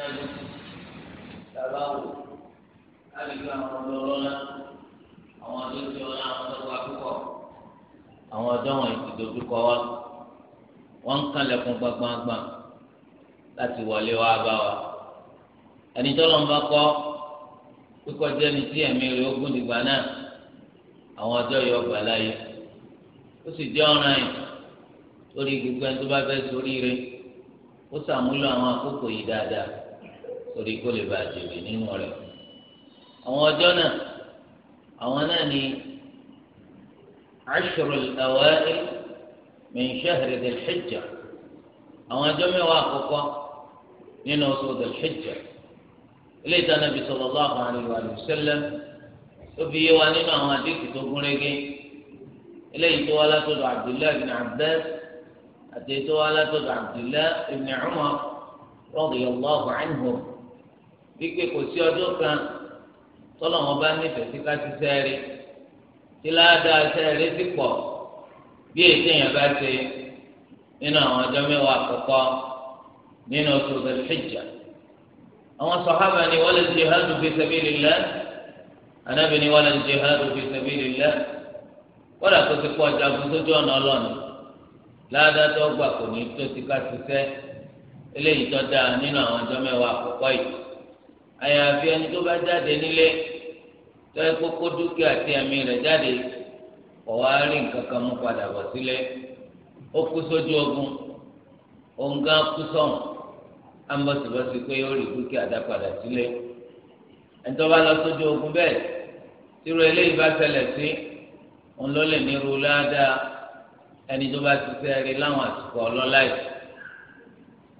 lẹ́nu tàbá wò lábìgbà àwọn ọ̀dọ́ ọlọ́lá àwọn ọ̀dọ́ tí ọlá àwọn ọ̀dọ́ wa púpọ̀ àwọn ọ̀dọ́ wọn ti dojúkọ wa wọ́n ń kànlẹ̀kùn gbangba láti wọlé wa bá wa ẹni tó lọ́n bá kọ́ kíkọ́ jẹ́ ni tí ẹ̀mí rẹ̀ ogún dìgbà náà àwọn ọjọ́ yọ ọgbà láyé ó sì jẹ́ ọ̀ràn yìí lórí gbogbo ẹni tó bá fẹ́ sórí rẹ̀ ó ṣàmúlò àwọn àkókò yìí dáadáa torí kó lè bá jèrè nínú rẹ̀ àwọn ọjọ́ náà àwọn náà ni ashru al-awa'il min shahri dhil-hijja àwọn ọjọ́ mẹ́wàá àkọ́kọ́ nínú oṣù dhil-hijja ilé ìtàn Nabi sallallahu alaihi wa sallam tó fi yé wa nínú àwọn àdéhùn tó gún régé ilé ìtọ́ wa látọ̀dọ̀ Abdullahi bin Abbas àti ìtọ́ wa látọ̀dọ̀ Abdullahi bin Umar radiyallahu anhum. wípé kò sí ọdún kan tọ́lọ̀ wọn bá nífẹ̀ẹ́ sí káṣí sẹ́ẹ̀rì tí ládàá sẹ́ẹ̀rì sì pọ̀ bí ètò èèyàn bá ṣe nínú àwọn ọjọ́ mẹ́wàá àkọ́kọ́ nínú oṣù dhul àwọn sọ̀hábà ni wala jihadu fi anábì ni wala jihadu fi sabilillah kọ́dà tó ti pọ̀ sójú ọ̀nà ọlọ́ọ̀nù ládàá tó gbà kò ní tó ti àyàfi ẹni tó bá jáde nílé tó ẹ kókó dúkìá tí ẹ̀mí rẹ̀ jáde ọ̀wá rí nǹkan kan mú padà bọ̀ sílẹ̀ ó kú sójú ogun òǹgá kú sọ̀hún ambọ̀sibọ̀sì pé ó rí dúkìá dá padà sílẹ̀ ẹni tó bá lọ sójú ogun bẹ́ẹ̀ tírú eléyìí bá ṣẹlẹ̀ sí òun ló lè ní ládàá ẹni tó bá ti sẹ́ẹ̀rí láwọn àsìkò ọlọ́láì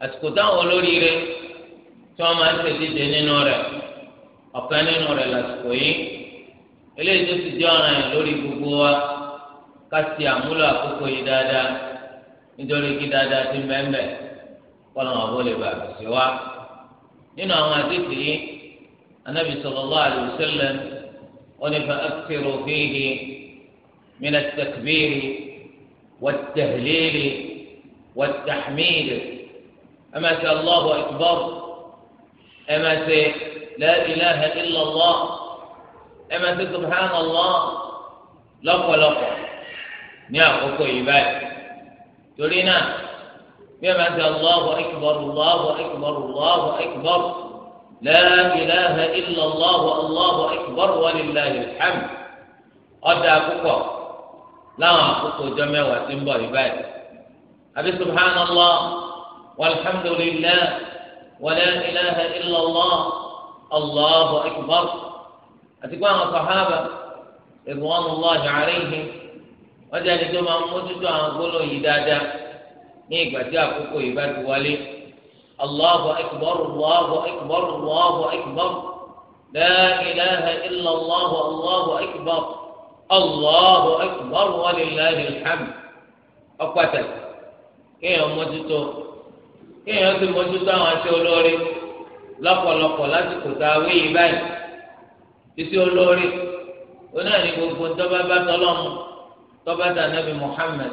àsìkò táwọn olóríire tí wọn máa ń tẹ̀síde nínú rẹ̀ ọ̀kan nínú rẹ̀ lásìkò yìí eléyìí tó ti jẹ́ ọ̀ràn yẹn lórí gbogbo wa ká ti àmúlò àkókò yìí dáadáa nítorí kí dáadáa ti mẹ́mẹ́ kọ́nà ọ̀bọ lè bà sí wa nínú àwọn àdéhùn yìí anábì sallallahu alaihi wasallam wọn ni fa'akthiru fihi min at-takbir wat-tahlil wat-tahmid ama sẹ Allahu ẹ máa ṣe la ilaha illallah ẹ máa ṣe subhanallah lọ́pọ̀lọpọ̀ ní àkókò yìí báyìí torí náà bí ẹ máa ṣe allahu akbar allahu akbar allahu akbar la ilaha illallah allahu akbar walillahi alhamd ọ̀dà púpọ̀ láwọn àkókò ọjọ́ mẹ́wàá ti ń bọ̀ yìí báyìí àbí subhanallah walhamdulillah. ولا إله إلا الله الله أكبر أتقوى الصحابة رضوان الله عليهم wọ́n ẹni tó máa ń mójútó àwọn gbólóhùn yìí dáadáa ní ìgbà tí àkókò yìí bá ti wọlé allahu akbar allahu akbar allahu akbar la ilaha illa allah allahu akbar allahu akbar wa lillahi alhamd ọ̀pọ̀tà kéèyàn mójútó kéèyàn ti mójútó àwọn àti olóore lọ́pọ̀lọpọ̀ lásìkò tá a wéyìí báyìí títí olóore ó náà ní gbogbo tọ́ba bá tọ́lọ́mù tọ́ba tà nàbì Muhammad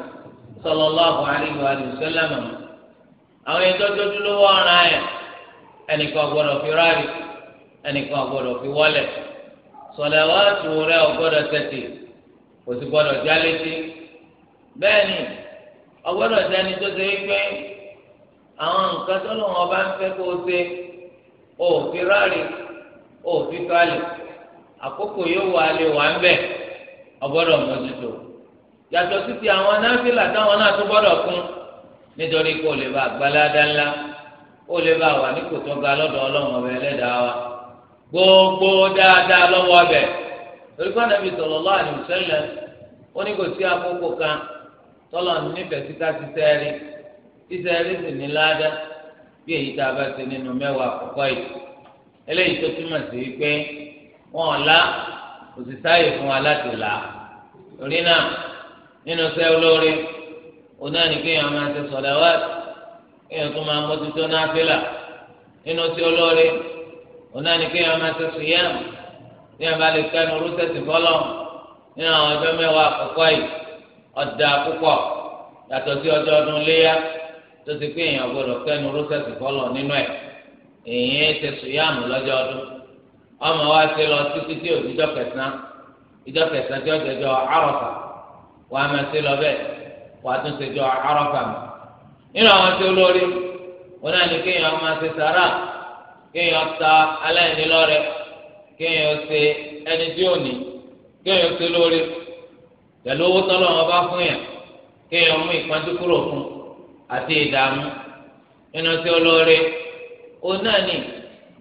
sallallahu alaihi wa sallam àwọn ètò ìtọ́jú lówó ọ̀ràn ayẹ̀ ẹnìkan gbọ́dọ̀ fi ráàlì ẹnìkan gbọ́dọ̀ fi wọlé sọ̀làwátù rẹ̀ ò gbọ́dọ̀ tẹ̀tì kò sì gbọ́dọ̀ jálẹ́tì bẹ́ẹ̀ ni ọgbọ́dọ̀ jẹ́ni tó ṣe é pé. àwọn nǹkan tó lọ́wọ́ bá ń fẹ́ kó o ṣe o fi ráàlì o fi àkókò yóò wà lè wà ń bẹ̀ ọgbọ́dọ̀ mọ́tòtò yàtọ̀ sí àwọn náfìlà táwọn náà tó gbọ́dọ̀ kún nítorí o lè bá àgbàládá ńlá ó lè bá wà ní kòtò ga lọ́dọ̀ ẹlẹ́dàá wa gbogbo dáadáa sísẹ eré sì ní ládá bí èyí tá a bá ṣe nínú mẹ́wàá àkọ́kọ́ yìí eléyìí tó túmọ̀ sí wípé wọn ò la òṣìṣẹ́ àyè fún wa láti là á torí náà nínú sẹ́ olóore òun náà ní kéèyàn máa ṣe sọ̀dáwàtì kéèyàn tó máa mójútó náà fílà nínú sẹ́ olóore òun náà ní kéèyàn máa ṣe sùyàmù ní ẹ̀ma lè kẹ́nu rúṣẹ́sì fọ́lọ́ nínú àwọn ọjọ́ mẹ́wàá àkọ́kọ́ yìí ọ̀dà púpọ̀ yàtọ̀ sí ọjọ́ ọdún léyà. tó ti pé èèyàn gbọ́dọ̀ kẹ́nu rọ́sẹ̀sì fọlọ̀ nínú ẹ̀ èèyàn ti sùyàmù lọ́jọ́ ọdún ọmọ wa ti lọ títí tí òbí jọ kẹsàn-án ìjọ kẹsàn-án tí ó jẹjọ àròkà wà á máa ti lọ bẹ́ẹ̀ wà á tún jọ àròkà nínú àwọn tí wọn náà kéèyàn máa ti sàrà kéèyàn ta aláìní kéèyàn ṣe ẹni tí ò ní kéèyàn lórí owó tọ́lọ́ wọn àti ìdààmú nínú tí olóore òun náà ni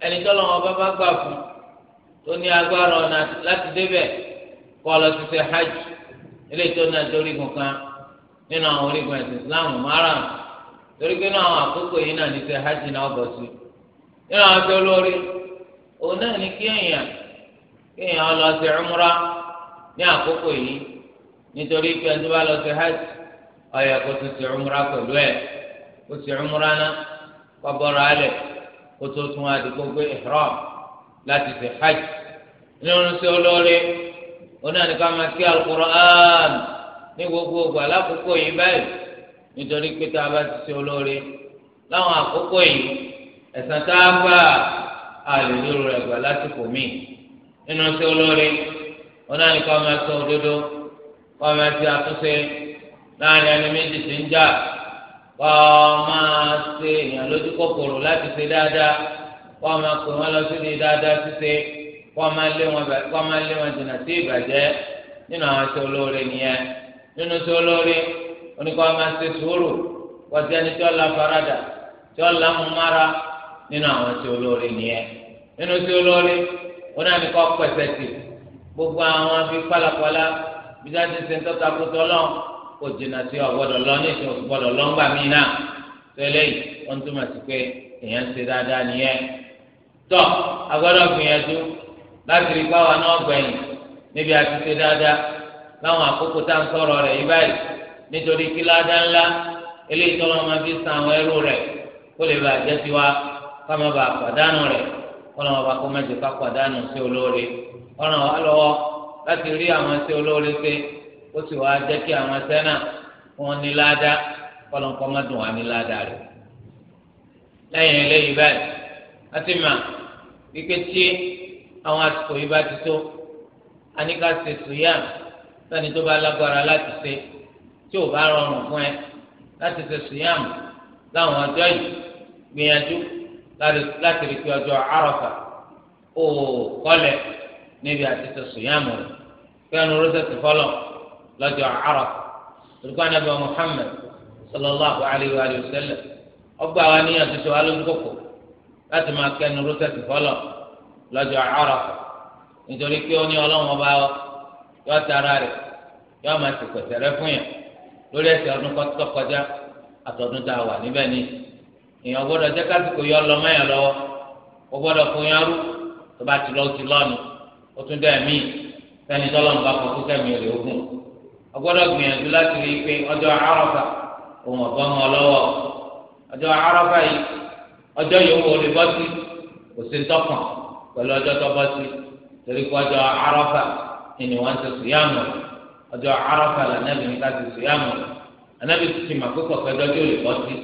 ẹni tọ́lọ́ wọn bá bá gbà fún tó ní agbára ọ̀nà láti débẹ̀ kọ́ lọ sí ṣe hajj ilé tó náà dorígun nínú àwọn orígun ẹ̀sìn Islam márùn torí pé nínú àwọn àkókò yìí náà ní ṣe hajj náà bọ̀ sí nínú àwọn olóore ni kí èèyàn kí èèyàn lọ sí ní hajj. O kó tún ti umra pẹ̀lú ẹ̀ kó ti umra ná kó bọ́ra alẹ̀ tó gbé láti fi hajj nínú sí onáni ká kí ní gbogbo ògbà yìí báyìí nítorí pé tá a bá ti ṣe olóore láwọn àkókò yìí ẹ̀sán tá a gbà á lè lérò gbà nínú sí onáni ká sọ òdodo láàrin ẹni méjì tí ń jà wà á máa ṣe èèyàn lójú kòkòrò láti ṣe dáadáa wà á máa pè wọn lọ sí di dáadáa ṣíṣe wà á máa lé wọn wà á máa lé wọn jìnnà sí ìbàjẹ́ nínú àwọn aṣọ olóore nìyẹn nínú aṣọ olóore oníkọ́ máa ṣe sùúrù wọ́n ti ẹni tí wọ́n la faradà tí wọ́n la mú mára nínú àwọn aṣọ olóore nìyẹn nínú aṣọ olóore wọn náà ní kọ́ pẹ̀sẹ̀ tì gbogbo àwọn afi pálapàla bí wọ́n ti ṣe ń tọ́ta kótó ọlọ́run. kó jìnnà sí ọ̀gbọ́dọ̀ lọ ní ìsìn ọ̀gbọ́dọ̀ lọ ńgbà mí náà tẹ́lẹ̀ yìí wọ́n túmọ̀ sí pé èèyàn ń ṣe dáadáa nìyẹn. tọ́ agbọ́dọ̀ gbìyànjú láti rí báwa náà gbẹ̀yìn níbi àti ṣe dáadáa láwọn àkókò tá à ń sọ̀rọ̀ rẹ̀ yí báyìí nítorí kí ládá ńlá eléyìí tọ́lọ́ máa fi san àwọn ẹrú rẹ̀ kó lè bàa jẹ́ tiwa ká má pàdánù rẹ̀ kọ́nà wọn ó sì wá jẹ́ kí àwọn sẹ́nà wọn ní ládàá kọ́lọ́nkọ́ má dùn wá ní ládàá rẹ̀ lẹ́yìn eléyìí báyìí a ti mà wípé tí àwọn àsìkò yìí bá ti tó a ní ká sani tó bá lágbára láti ṣe tí ò bá rọrùn fún ẹ láti ṣe sùúyà láwọn ọjọ́ yìí gbìyànjú láti rí pé ọjọ́ àrọ̀fà ó kọ́lẹ̀ níbi àti ṣe sùúyà mọ̀ rẹ̀ fẹ́ẹ́ nu rọ́ṣẹ̀tì lọ́jọ́ Àrafà olùkọ́ ànábì wa Muhammad sallallahu alayhi wa sallam ọgbà wa níyàn tó ṣe wá lójú kòkò láti máa kẹnu rọ́sẹ̀tì fọlọ̀ fọlọ Àrafà nítorí pé ó ní ọlọ́run ọba ya tara rẹ̀ yọ máa ti pẹ̀sẹ̀rẹ́ fún yàn lórí ẹsẹ̀ ọdún tó ni ọgbọ́dọ̀ gbìyànjú láti rí i pé ọjọ́ Àrafà òun ọ̀bọ́n mọ́ lọ́wọ́ ọjọ́ Àrafà yìí ọjọ́ yòówù olè bọ́ sí kò sí tọkàn pẹ̀lú ọjọ́ tó bọ́ sí torí pé ọjọ́ Àrafà ni wọ́n ti sùyàmù ọjọ́ Àrafà lànàbì ní ti mà pípọ̀ sí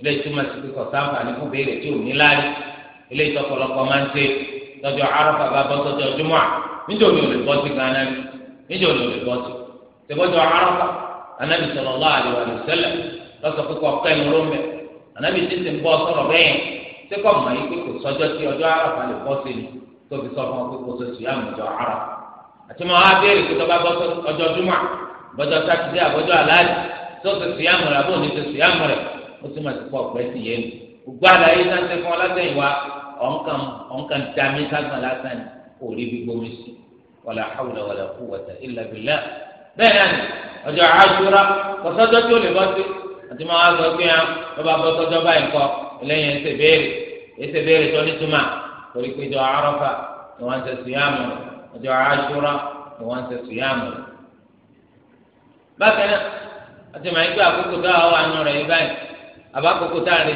ilé ìtumọ̀ sí pípọ̀ fún béèrè tí ò ní láàyè ilé ìtọ́pọ̀lọpọ̀ máa ń ṣe lọ́jọ́ bá tẹgbọdọ arafa anabi sallallahu alaihi wa sallam lọsọ pé kọ kẹnu ló ń bẹ anabi ti ti ń bọ sọ̀rọ̀ bẹ́ẹ̀ tí kò mọ yìí pé kò sọjọ tí ọjọ́ arafa lè bọ sí ni tó fi sọ fún ọ pé kò sọ sí àmọjọ arafa àti mọ wá béèrè pé tọba bọ ọjọ́ júmọ bọjọ sátidé àbọjọ aláàjì tó sọ sí àmọ rẹ àbọ òní tó sí àmọ ó tún máa ti pọ ọpẹ sí yẹn gbogbo àlàyé náà fún ọ bẹ́ẹ̀ náà ni ọjọ́ àṣúra kọ́sọ́jọ́ tí ó lè bọ́ sí àti máa wá sọ pé bọ́ sọ́jọ́ báyìí kọ́ ẹlẹ́yìn ẹsẹ̀ béèrè ẹsẹ̀ béèrè tó ní túmọ̀ torí pé ọjọ́ ni wọ́n ń ọjọ́ ni wọ́n ń bákan náà àti màá gbé àkókò tó àwọn àánú rẹ̀ yìí báyìí àbákòókò tá à ń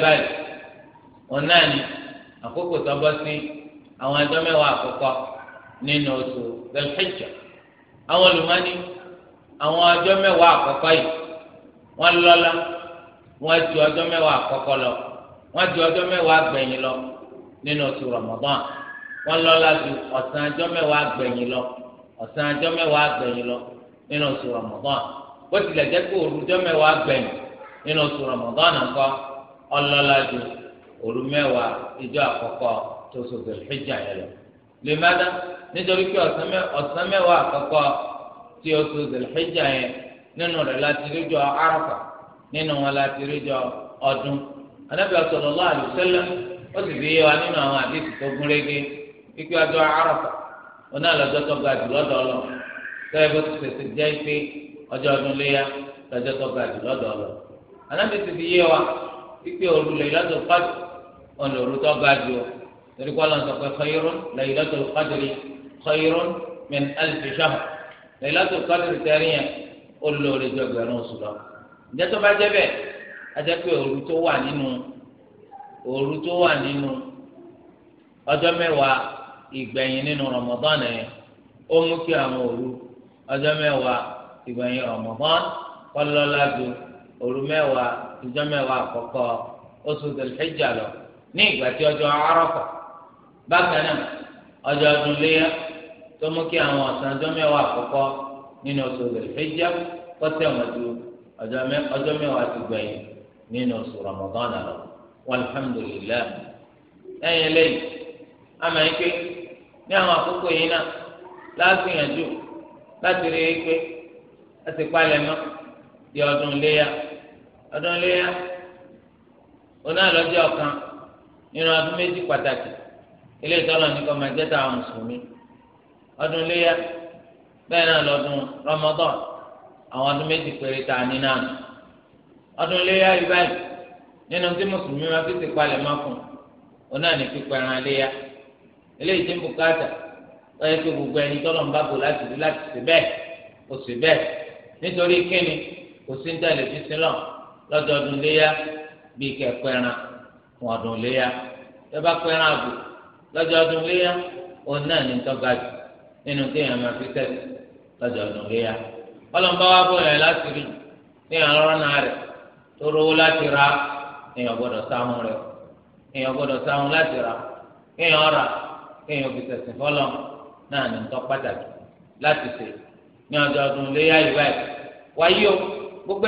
retí yìí wọn náà ní àkókò tó bọ́ sí àwọn ẹjọ́ mẹ́wàá àkọ́kọ́ nínú oṣù dhul àwọn olùmọ́ni àwọn ọjọ́ mẹ́wàá ju mẹ́wàá lọ wọ́n ju ọjọ́ mẹ́wàá lọ nínú oṣù Ramadan wọ́n ju ọ̀sán lọ ọ̀sán mẹ́wàá lọ nínú oṣù Ramadan bó tilẹ̀ jẹ́ pé òru mẹ́wàá ìjọ àkọ́kọ́ tó sọ̀tò ìjà yẹn lọ. lè má dá nítorí pé ọ̀sán mẹ́wàá àkọ́kọ́ tí ó sọ̀tò ìjà yẹn nínú rẹ̀ láti ríjọ Àrafà nínú wọn láti ríjọ ọdún. anábì sallallahu alaihi wasallam ó sì fi yé wa nínú àwọn àdéhùn tó gún régé ikú ọjọ́ Àrafà oní àlọ́jọ́ tó ga jù lọ́dọ̀ ọlọ́ tẹ́lẹ̀ bó ti tẹ̀sí wọn lòrú tó ga jù ọ torí kọ́ lọ́n sọ pé khayrun laylatul qadri khayrun min alfi shahr laylatul qadri tẹ́rì yẹn ó lórí ju ẹgbẹ̀rún oṣù lọ. ǹjẹ́ tó bá jẹ́ bẹ́ẹ̀ a jẹ́ pé òru tó wà nínú òru tó wà nínú ọjọ́ mẹ́wàá ìgbẹ̀yìn nínú Ramadan yẹn ó mú kí àwọn òru ọjọ́ mẹ́wàá ìgbẹ̀yìn Ramadan kọ́ lọ́lá òru mẹ́wàá ìjọ́ mẹ́wàá àkọ́kọ́ oṣù Dhul lọ. ní ìgbà tí ọjọ́ Àrafà bákan náà ọjọ́ ọdún léyà tó mú kí àwọn ọ̀sán ọjọ́ mẹ́wàá àkọ́kọ́ nínú oṣù dhul ọjọọ kọ́tẹ́ ọjọ́ mẹ́wàá ti gbẹ̀yìn nínú oṣù Ramadan lọ walhamdulillah ẹ̀yìn lẹ́yìn àmọ́ ike ní àwọn àkókò yìí náà láti rí i pé palẹ̀ mọ́ di ọdún léyà ọdún léyà nínú ọdún méjì pàtàkì ilé ìtọ́lọ̀ ní kọ́ máa jẹ́ táwọn mùsùlùmí ọdún léyà bẹ́ẹ̀ náà lọ́dún Ramadan àwọn ọdún méjì péré ta ní náà ọdún léyà yìí nínú tí mùsùlùmí fi ti palẹ̀ fún un náà ní pípẹ́ ẹran ilé gbogbo ẹni tọ́lọ̀ ń bá bò láti rí láti bẹ́ẹ̀ kò sì fún ọdún léyà ẹ bá pẹ́ ẹran àgbò lọ́jọ́ ọdún léyà òun náà ní tọ́ga jù nínú kéèyàn máa fi tẹ̀sí lọ́jọ́ ọdún léyà ọlọ́mọba wa bọ̀ yẹn láti rí kéèyàn rẹ̀ tó rówó láti ra kéèyàn gbọ́dọ̀ sáwọn rẹ̀ kéèyàn gbọ́dọ̀ sáwọn láti ra kéèyàn kéèyàn fi náà ní tọ́ pàtàkì láti ṣe ní ọjọ́ ọdún wáyé o gbogbo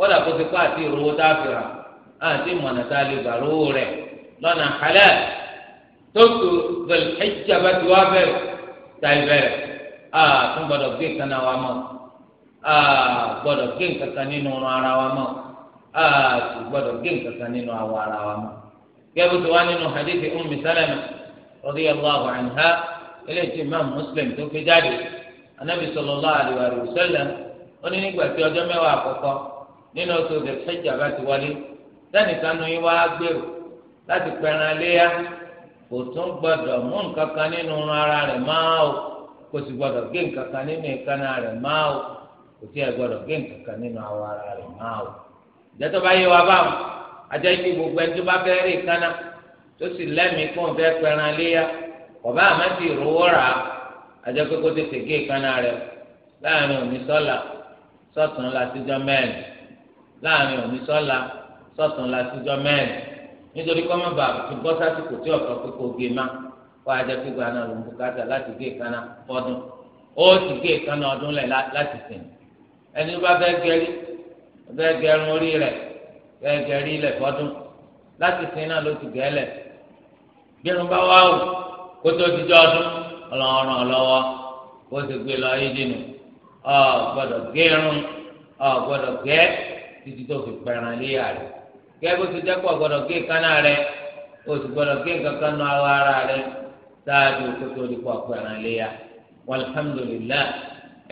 kódà kó ti kó àti ìrówó tá a fi rà àti mọ̀nà tá a lè gbà rówó rẹ̀ lọ́nà halal tó tu Dhul-Hijjah bá ti wá bẹ̀rẹ̀ táì bẹ̀rẹ̀ a tún gbọdọ̀ gbé kaná wa mọ́ a gbọdọ̀ gbé nǹkankan nínú ara wa mọ́ a sì gbọdọ̀ gbé nǹkankan nínú awọ ara wa mọ́ gẹ́gẹ́ bó wá nínú hadithi Ummi Salama radiyallahu anha eléyìí imam Muslim tó fi jáde anabi sallallahu nínú oṣù Dhul-Hijjah bá ti wọlé kanu yín wá gbèrò láti pẹran léyà kò tún gbọdọ mú nǹkan kan nínú ara rẹ máa o kò sì gbọdọ̀ gé nǹkan kan nínú ìkànnà rẹ̀ máa o kò tí gbọdọ gé nǹkan kan awọ ara rẹ máa o bá yé wa gbogbo ẹni tó bá fẹ́ rí ìkànnà tó sì lẹ́mìí kó fẹ́ pẹran léyà ọba àmọ́ ti rówó rà á ajá pé kó tètè gé láàrin òní sọ́la sọ́tún la mẹ́rin nítorí kọ́ mọ́ba ti bọ́ sásìkò tí ọ̀tọ̀ kó ajá pé gbaná ló ń bùkátà láti gé ìkànnà ọdún ó ti gé ìkànnà ọdún lẹ̀ láti sìn ẹni bá gẹrí gẹrun orí rẹ̀ gẹrí fọ́dún láti sìn náà ló ti gẹ́ lẹ̀ gbẹrun bá wà ó kótó dijọ́ ọdún ọlọ́run lọ́wọ́ kó o ti gbé lọ ọ gẹrun ọ títí tó fi pẹran léyà rẹ gẹ́gẹ́ bó ti dẹ́kọ̀ gbọ́dọ̀ gé kaná rẹ o sì gbọ́dọ̀ gé kankan nu awọ ara rẹ sáájú kótó ní kó pẹran léyà walhamdulilayi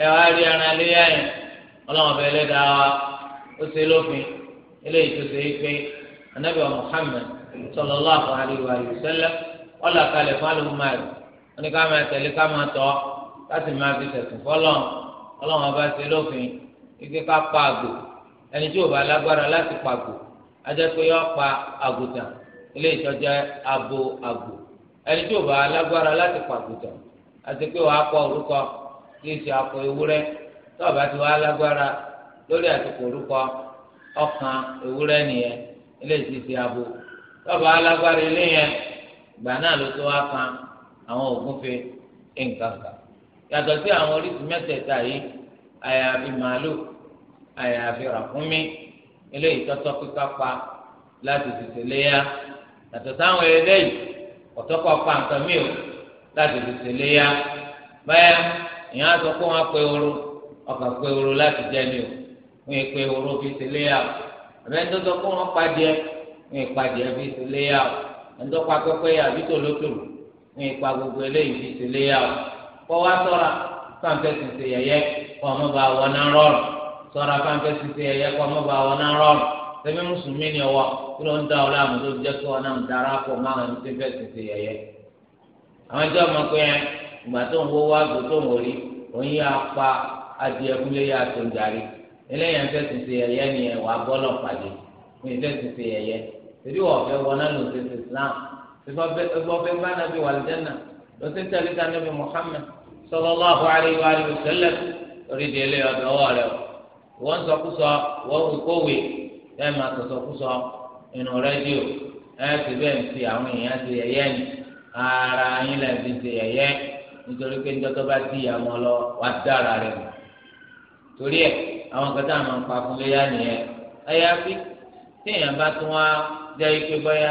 ẹ wá rí ẹran léyà yẹn ọlọ́wọ́n bẹ lẹ́dàá wa ó ṣe lófin eléyìí tó ṣe é pé anabi wa muhammed sallallahu alayhi wa sallam ọlọ́kalẹ̀ fún alùpùpù wọn ká máa tẹ̀lé ká máa tọ́ láti máa fi tẹ̀sùn fọlọ́n ọlọ́wọ́n bá ṣe lófin ike ká pa àgbò ẹni tí ò bá lágbára láti pàgò ajẹ́pẹ́ yọ pa àgùntàn ilé ìtọ́jà abo àgbò ẹni tí ò bá lágbára láti pàgùntàn àti pé wàá pọ orúkọ kí ìṣe akọ ewúrẹ́ tó o bá ti wàá lágbára lórí àtìkù orúkọ ọkàn ewúrẹ́ nìyẹn ilé ìṣe abo tó o bá lágbára ilé yẹn ìgbà náà ló tó wàá kan àwọn ògúnfe nǹkan kan yàtọ̀ sí àwọn oríṣi mẹ́tẹ̀ẹ̀ta yìí àyàfi màálù àyàfi ràkúnmí eléyìí tọ́tọ́ pípa pa láti tètè léyà yàtọ̀ sáwọn eléyìí ọ̀tọ́kọ̀ pa nǹkan mi ò láti tètè léyà báyà ìyẹn aṣọ kó wọn pé ooru ọkà pé ooru láti ni o wọn fi o wọn wọn o yà bí gbogbo eléyìí fi o. kọ́ wa ṣe yẹyẹ kọ́ ọmọ bá rọrùn sọ̀rọ̀ afáńfẹ́ títí ẹ̀yẹ kọ́ mọ́ba wọn náà rọrùn tẹ́bí mùsùlùmí ni ọwọ́ kí ló ń da ọ̀la àmọ́ tó jẹ́ kí wọn náà dára pọ̀ mọ́ àwọn ẹni fẹ́ títí ẹ̀yẹ. àwọn ẹjọ́ ọmọ pé ẹ ìgbà tó ń wo wá gbò tó ń wòrí òun yà pa adìẹ kúlé yà tó ń darí eléyà ń fẹ́ títí ẹ̀yẹ ni ẹ̀ wà bọ́lọ̀ pàdé fún ìfẹ́ títí ẹ̀yẹ tẹ́bí wọ́n fẹ́ wọn náà lò Islam tẹ́bọ́ fẹ́ bá lọ́sẹ̀ tẹ̀lé ta Muhammad sallallahu wọ́n sọkúsọ wọ́n wíkówé ẹ máa sọsọkúsọ inú rédíò ẹ ti bẹ́ẹ̀ fi àwọn èèyàn ti yẹyẹ ni ara yín lẹ́ẹ̀ fi ti yẹyẹ nítorí pé nítorí bá ti yà wọn lọ wá dára rẹ̀ torí ẹ̀ àwọn kan tá a máa ń pa fún léyà nìyẹn ẹ̀yà fi téèyàn bá tún wá jẹ́ ike bọ́yá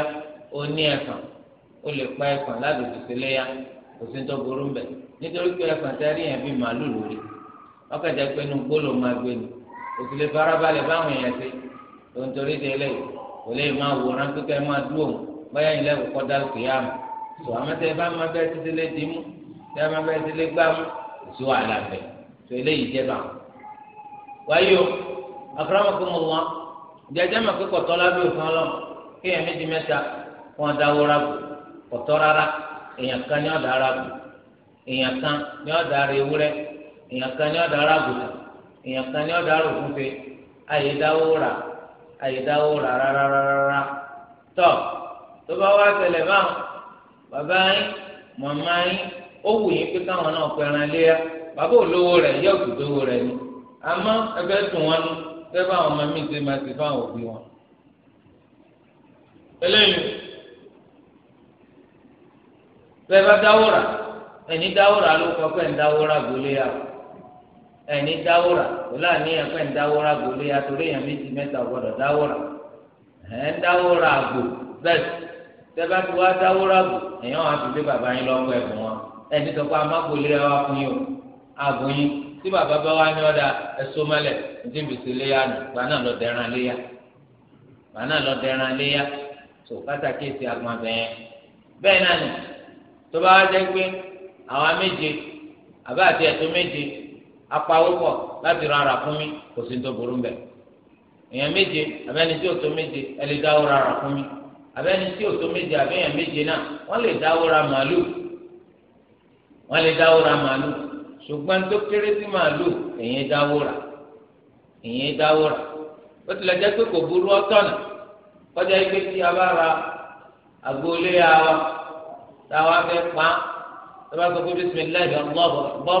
ó ní ẹ̀fọn ó lè pa ẹ̀fọn láti tètè léyà kò sí tó burú ń nítorí pé ẹ̀fọn tẹ́rí yẹn bí màálù lórí ọkàn jẹ́ pé gbólóhùn máa gbé ni. òsìlè farabalẹ̀ báwọn èèyàn ṣe tó ń torí de lẹ́yìn kò lè máa wòran pé kẹ́ máa dúró báyà ya kọ́kọ́ dá lókè yá mu tó àmọ́ tẹ́ ẹ bá máa bẹ́ẹ̀ títí lé tẹ́ bẹ́ẹ̀ títí lé gbá tó jẹ́ o akọ́rọ́mọkùnmọ̀ wọn ìjàjẹ́ mọ̀ pé kọ̀tọ́ lábẹ́ òfin méjì mẹ́ta wọn dáwó rábù kọ̀tọ́ rárá èèyàn kan ní ọ̀dà èèyàn kan ní ọ̀dà àrò fún ṣe rà àyè rà rárárárá tọ tó bá wá tẹlẹ báwọn bàbá yín màmá yín ó wù yín pé káwọn náà pẹran léyà bàbá olówó rẹ yẹ òkùdówó rẹ ni àmọ́ ẹbẹ tún wọn fẹ báwọn ọmọ mi máa ti fáwọn òbí wọn. eléyìí bá dáwó rà ẹni rà ló kọ pé rà gbólé ẹni dáwòrà pẹ̀lú àníyàn pé ń dáwòrà gòlé àtòrí èèyàn méjì mẹ́ta gbọ́dọ̀ dáwòrà ẹ̀ ń dáwòrà bẹ́ẹ̀ dáwòrà fi bàbá yín lọ́wọ́ ẹ̀bùn wọn ẹni wa fún yín o àgbò yín tí bàbá bá wá ní ọ̀dà ẹ̀sọ́ mẹ́lẹ̀ ní bìsí léyà nù gbà náà lọ dẹran léyà tó pàtàkì apawọ́pọ̀ láti rárá fún mi kò sí tó burú mbẹ èèyàn méje abẹ́ni tí òtó méje ẹ lè dáwó rárá fún mi abẹ́ni tí òtó méje abẹ́yàn méje náà wọ́n lè dáwó ra màálù wọ́n lè dáwó ra màálù ṣùgbọ́n tó kéré sí màálù èèyàn dáwó ra èèyàn dáwó ra ó tilẹ̀ jẹ́ pé kò burú ọ́tọ̀nà kọjá ike tí a bá ra agboolé ya wa táwa fẹ́ pa táwa sọ pé bisimilayi ọlọ́ọ̀bọ̀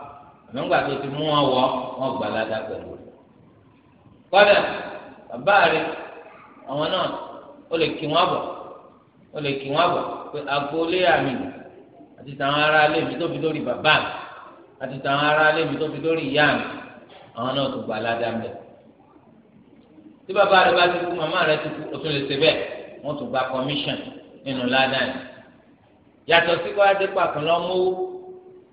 àmọ́ ńgbà tó ti mú wọn wọ wọn gbà ládà pẹ̀lú rẹ̀ kọ́dà bàbá rẹ̀ àwọn náà ó lè kí wọn bọ̀ ó lè kí wọn bọ̀ pé agboolé àmì àti tàwọn ará ilé mi tó fi lórí bàbá mi àti tàwọn ará ilé mi tó fi lórí ìyá mi àwọn náà tó gbà ládà mẹ́ tí bàbá rẹ̀ bá ti kú màmá rẹ̀ ti kú o tún lè ṣe bẹ́ẹ̀ wọ́n tún gba commission nínú ládà yìí yàtọ̀ sí kó adé pàkànlọ́mọ́wó.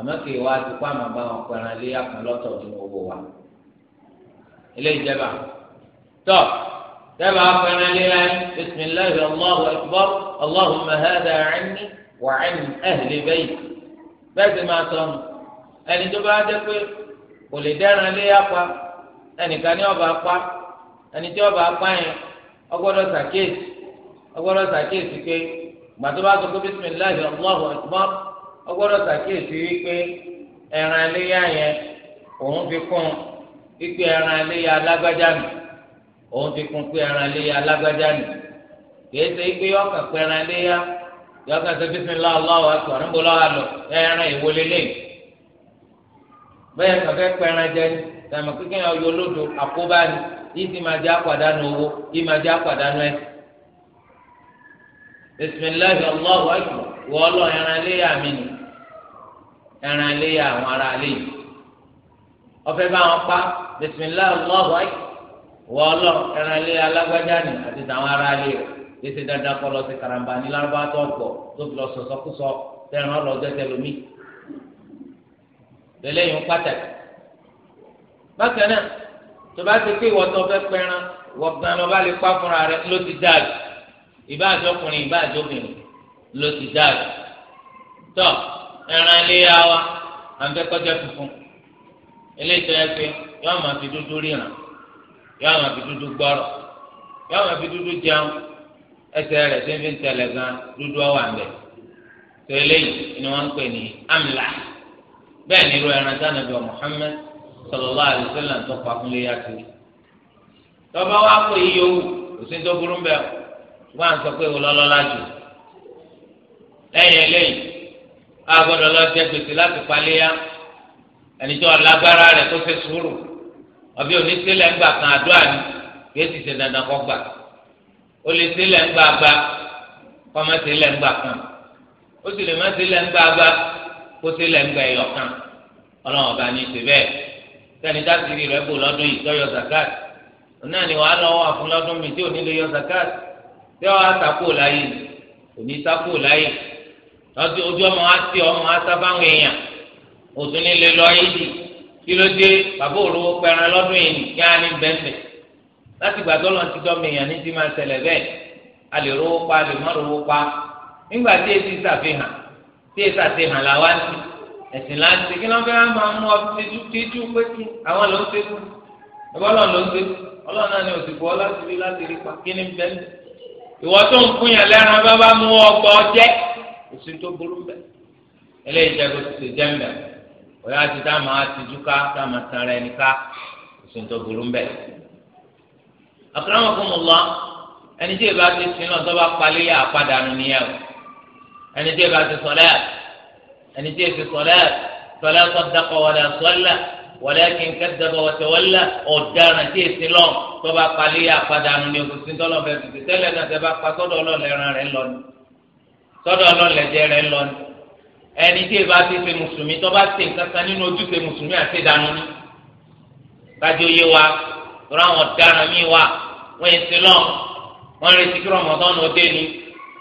àmọ́ kì í wá ti kó àmọ́ bá wọn pẹran lé àkàn lọ́tọ̀ nínú owó wa ilé ìjẹba tọ dábàá pẹran lé láyé bisimilahi allahu akbar allahumma hada ẹni wà ẹni ẹhìlẹ bẹyì bẹ́ẹ̀ sì máa sọnù ẹni tó bá dé pé kò lè dẹran lé apá ẹnìkan ní ọba apá ẹni tí ọba apá yẹn ọgbọ́dọ̀ sàkíyèsí ọgbọ́dọ̀ sàkíyèsí pé gbàtọ́ bá sọ pé bisimilahi allahu akbar. ó gbọ́dọ̀ ṣàkíyèsí wípé ẹran iléyà yẹn òun fi kún wípé ẹran iléyà alágbájá nù òun fi kún pé ẹran iléyà alágbájá nù kìí ṣe wípé ọkàn pé ẹran iléyà yọkàn ṣe fífi ńlá ọlọ́wọ́ àti ọ̀rẹ́ ẹran ìwọlé pé ẹran jẹ ní tàmí yọ àkóbá ni yìí owó yìí ìwọ lọ ẹran iléyà mi nì ẹran iléyà àwọn ará ilé yìí ọfẹ bá wọn pa bisimilahi lọọbù ayé ìwọ lọ ẹran iléyà alágbájá nì àti tàwọn ará ilé rẹ yíṣe dandan kọ lọ sí karamba ní lárúbá tó pọ tó fi lọ sọsọkúsọ tẹran ọlọjọ tẹlomi lẹlẹyìn pàtàkì bákan náà tó bá ti pé ìwọ fẹ́ pẹran ìwọ gan lọ lè pa fúnra rẹ ló ti dáa ìbá àjọkùnrin ìbá àjọkùnrin ló ti dáàbò tọ ẹran iléyà wa à ń fẹ́ kọjá funfun tó yẹ pé yọọ máa fi dúdú ríran yọọ máa fi dúdú gbọ́rọ̀ yọọ máa fi dúdú jẹun fi gan dúdú ọwà ń bẹ tó eléyìí ni wọn ń pè ní amla bẹ́ẹ̀ ni irú ẹran sanabi wa Muhammad sallallahu alaihi tó pa fún iléyà kiri tọba wa pé iye lẹ́yìn eléyìí a gbọ́dọ̀ lọ jẹ gbèsè láti paléyà ẹni tó lágbára rẹ̀ tó ṣe sùúrù ọbẹ̀ òní sílẹ̀ ńgbà kan àdúrà ni kí èsì ṣe dandan kọ́ gbà ó lè sílẹ̀ ńgbà gba kọ́ má sílẹ̀ ńgbà kan ó sì lè má sílẹ̀ ńgbà gba kó sílẹ̀ ńgbà ẹ̀yọ̀ kan ọlọ́run ọba ní ìṣe bẹ́ẹ̀ sẹ́ni dásìrì rẹ̀ bò lọ́dún yìí tó zakat náà ni wàá lọ́wọ́ àfún mi tí ò ní lè yọ zakat tí wàá sàkó láyé òní sàkó láyé lọ́sí ojú ọmọ wa sí ọmọ wa sábà ń wẹ̀yàn òtún nílé lọ ìdì kí ló dé bàbá òróró pẹran lọ́dún yìí ní kí á ní láti gbàdọ́ lọ ti dọ́ mẹ̀yàn ní ti máa ṣẹlẹ̀ bẹ́ẹ̀ a lè rówó pa a lè má rówó pa nígbà tí èsì ṣàfihàn tí èsì ti ẹ̀sìn láti kí máa mú ọ títú àwọn ló ń ṣe fún ẹ̀fọ́ ló ń ṣe ọlọ́run náà ni òsìkò láti rí òsì tó burú mbẹ eléyìí jẹ kó tètè jẹ mbẹ òyà àti táwọn àtijú ká táwọn sanra ẹni ká òsì tó burú mbẹ. akramakumullah ẹni tí ìbá ti sin náà tó bá palẹ́ yà àpàdánù nìyẹn o ẹni tí ìbá ti sọlẹ́ ẹni tí ìfi sọlẹ́ sọlẹ́ sọdakọ̀ wọlé sọlẹ́ walakin kadaba wa tawalla ọ̀daràn tí èsì lọ tó bá yà àpàdánù nìyẹn kò sí tọ́lọ́ fẹ́ẹ́ tètè tẹ́lẹ̀ náà tẹ́ bá sọ́dọ̀ ọlọ́lẹ̀dẹ́ rẹ̀ lọ ni ẹni tí eba ti ṣe mùsùlùmí tó bá ṣe nǹkan kan nínú ojúṣe mùsùlùmí àti ìdáná ni kájọ yé wa rọ àwọn ọ̀daràn míì wa wọ́n ń sin lọ́ọ̀ wọ́n retí kí rọmọdán ó dé ni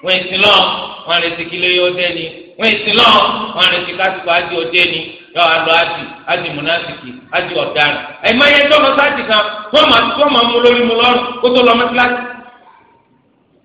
wọ́n ń sin lọ́ọ̀ wọ́n retí kí léyó dé ni wọ́n ń sin lọ́ọ̀ wọ́n retí kásìkò ájì ó dé ni yọ alọ ájì ájì múnásìkì ájì ọ̀daràn ẹ̀mọ́ yẹn tó lọ sáàjì kan wọ́n máa mú lórí mu lọ́rùn kó lọ mọ́ síláàsì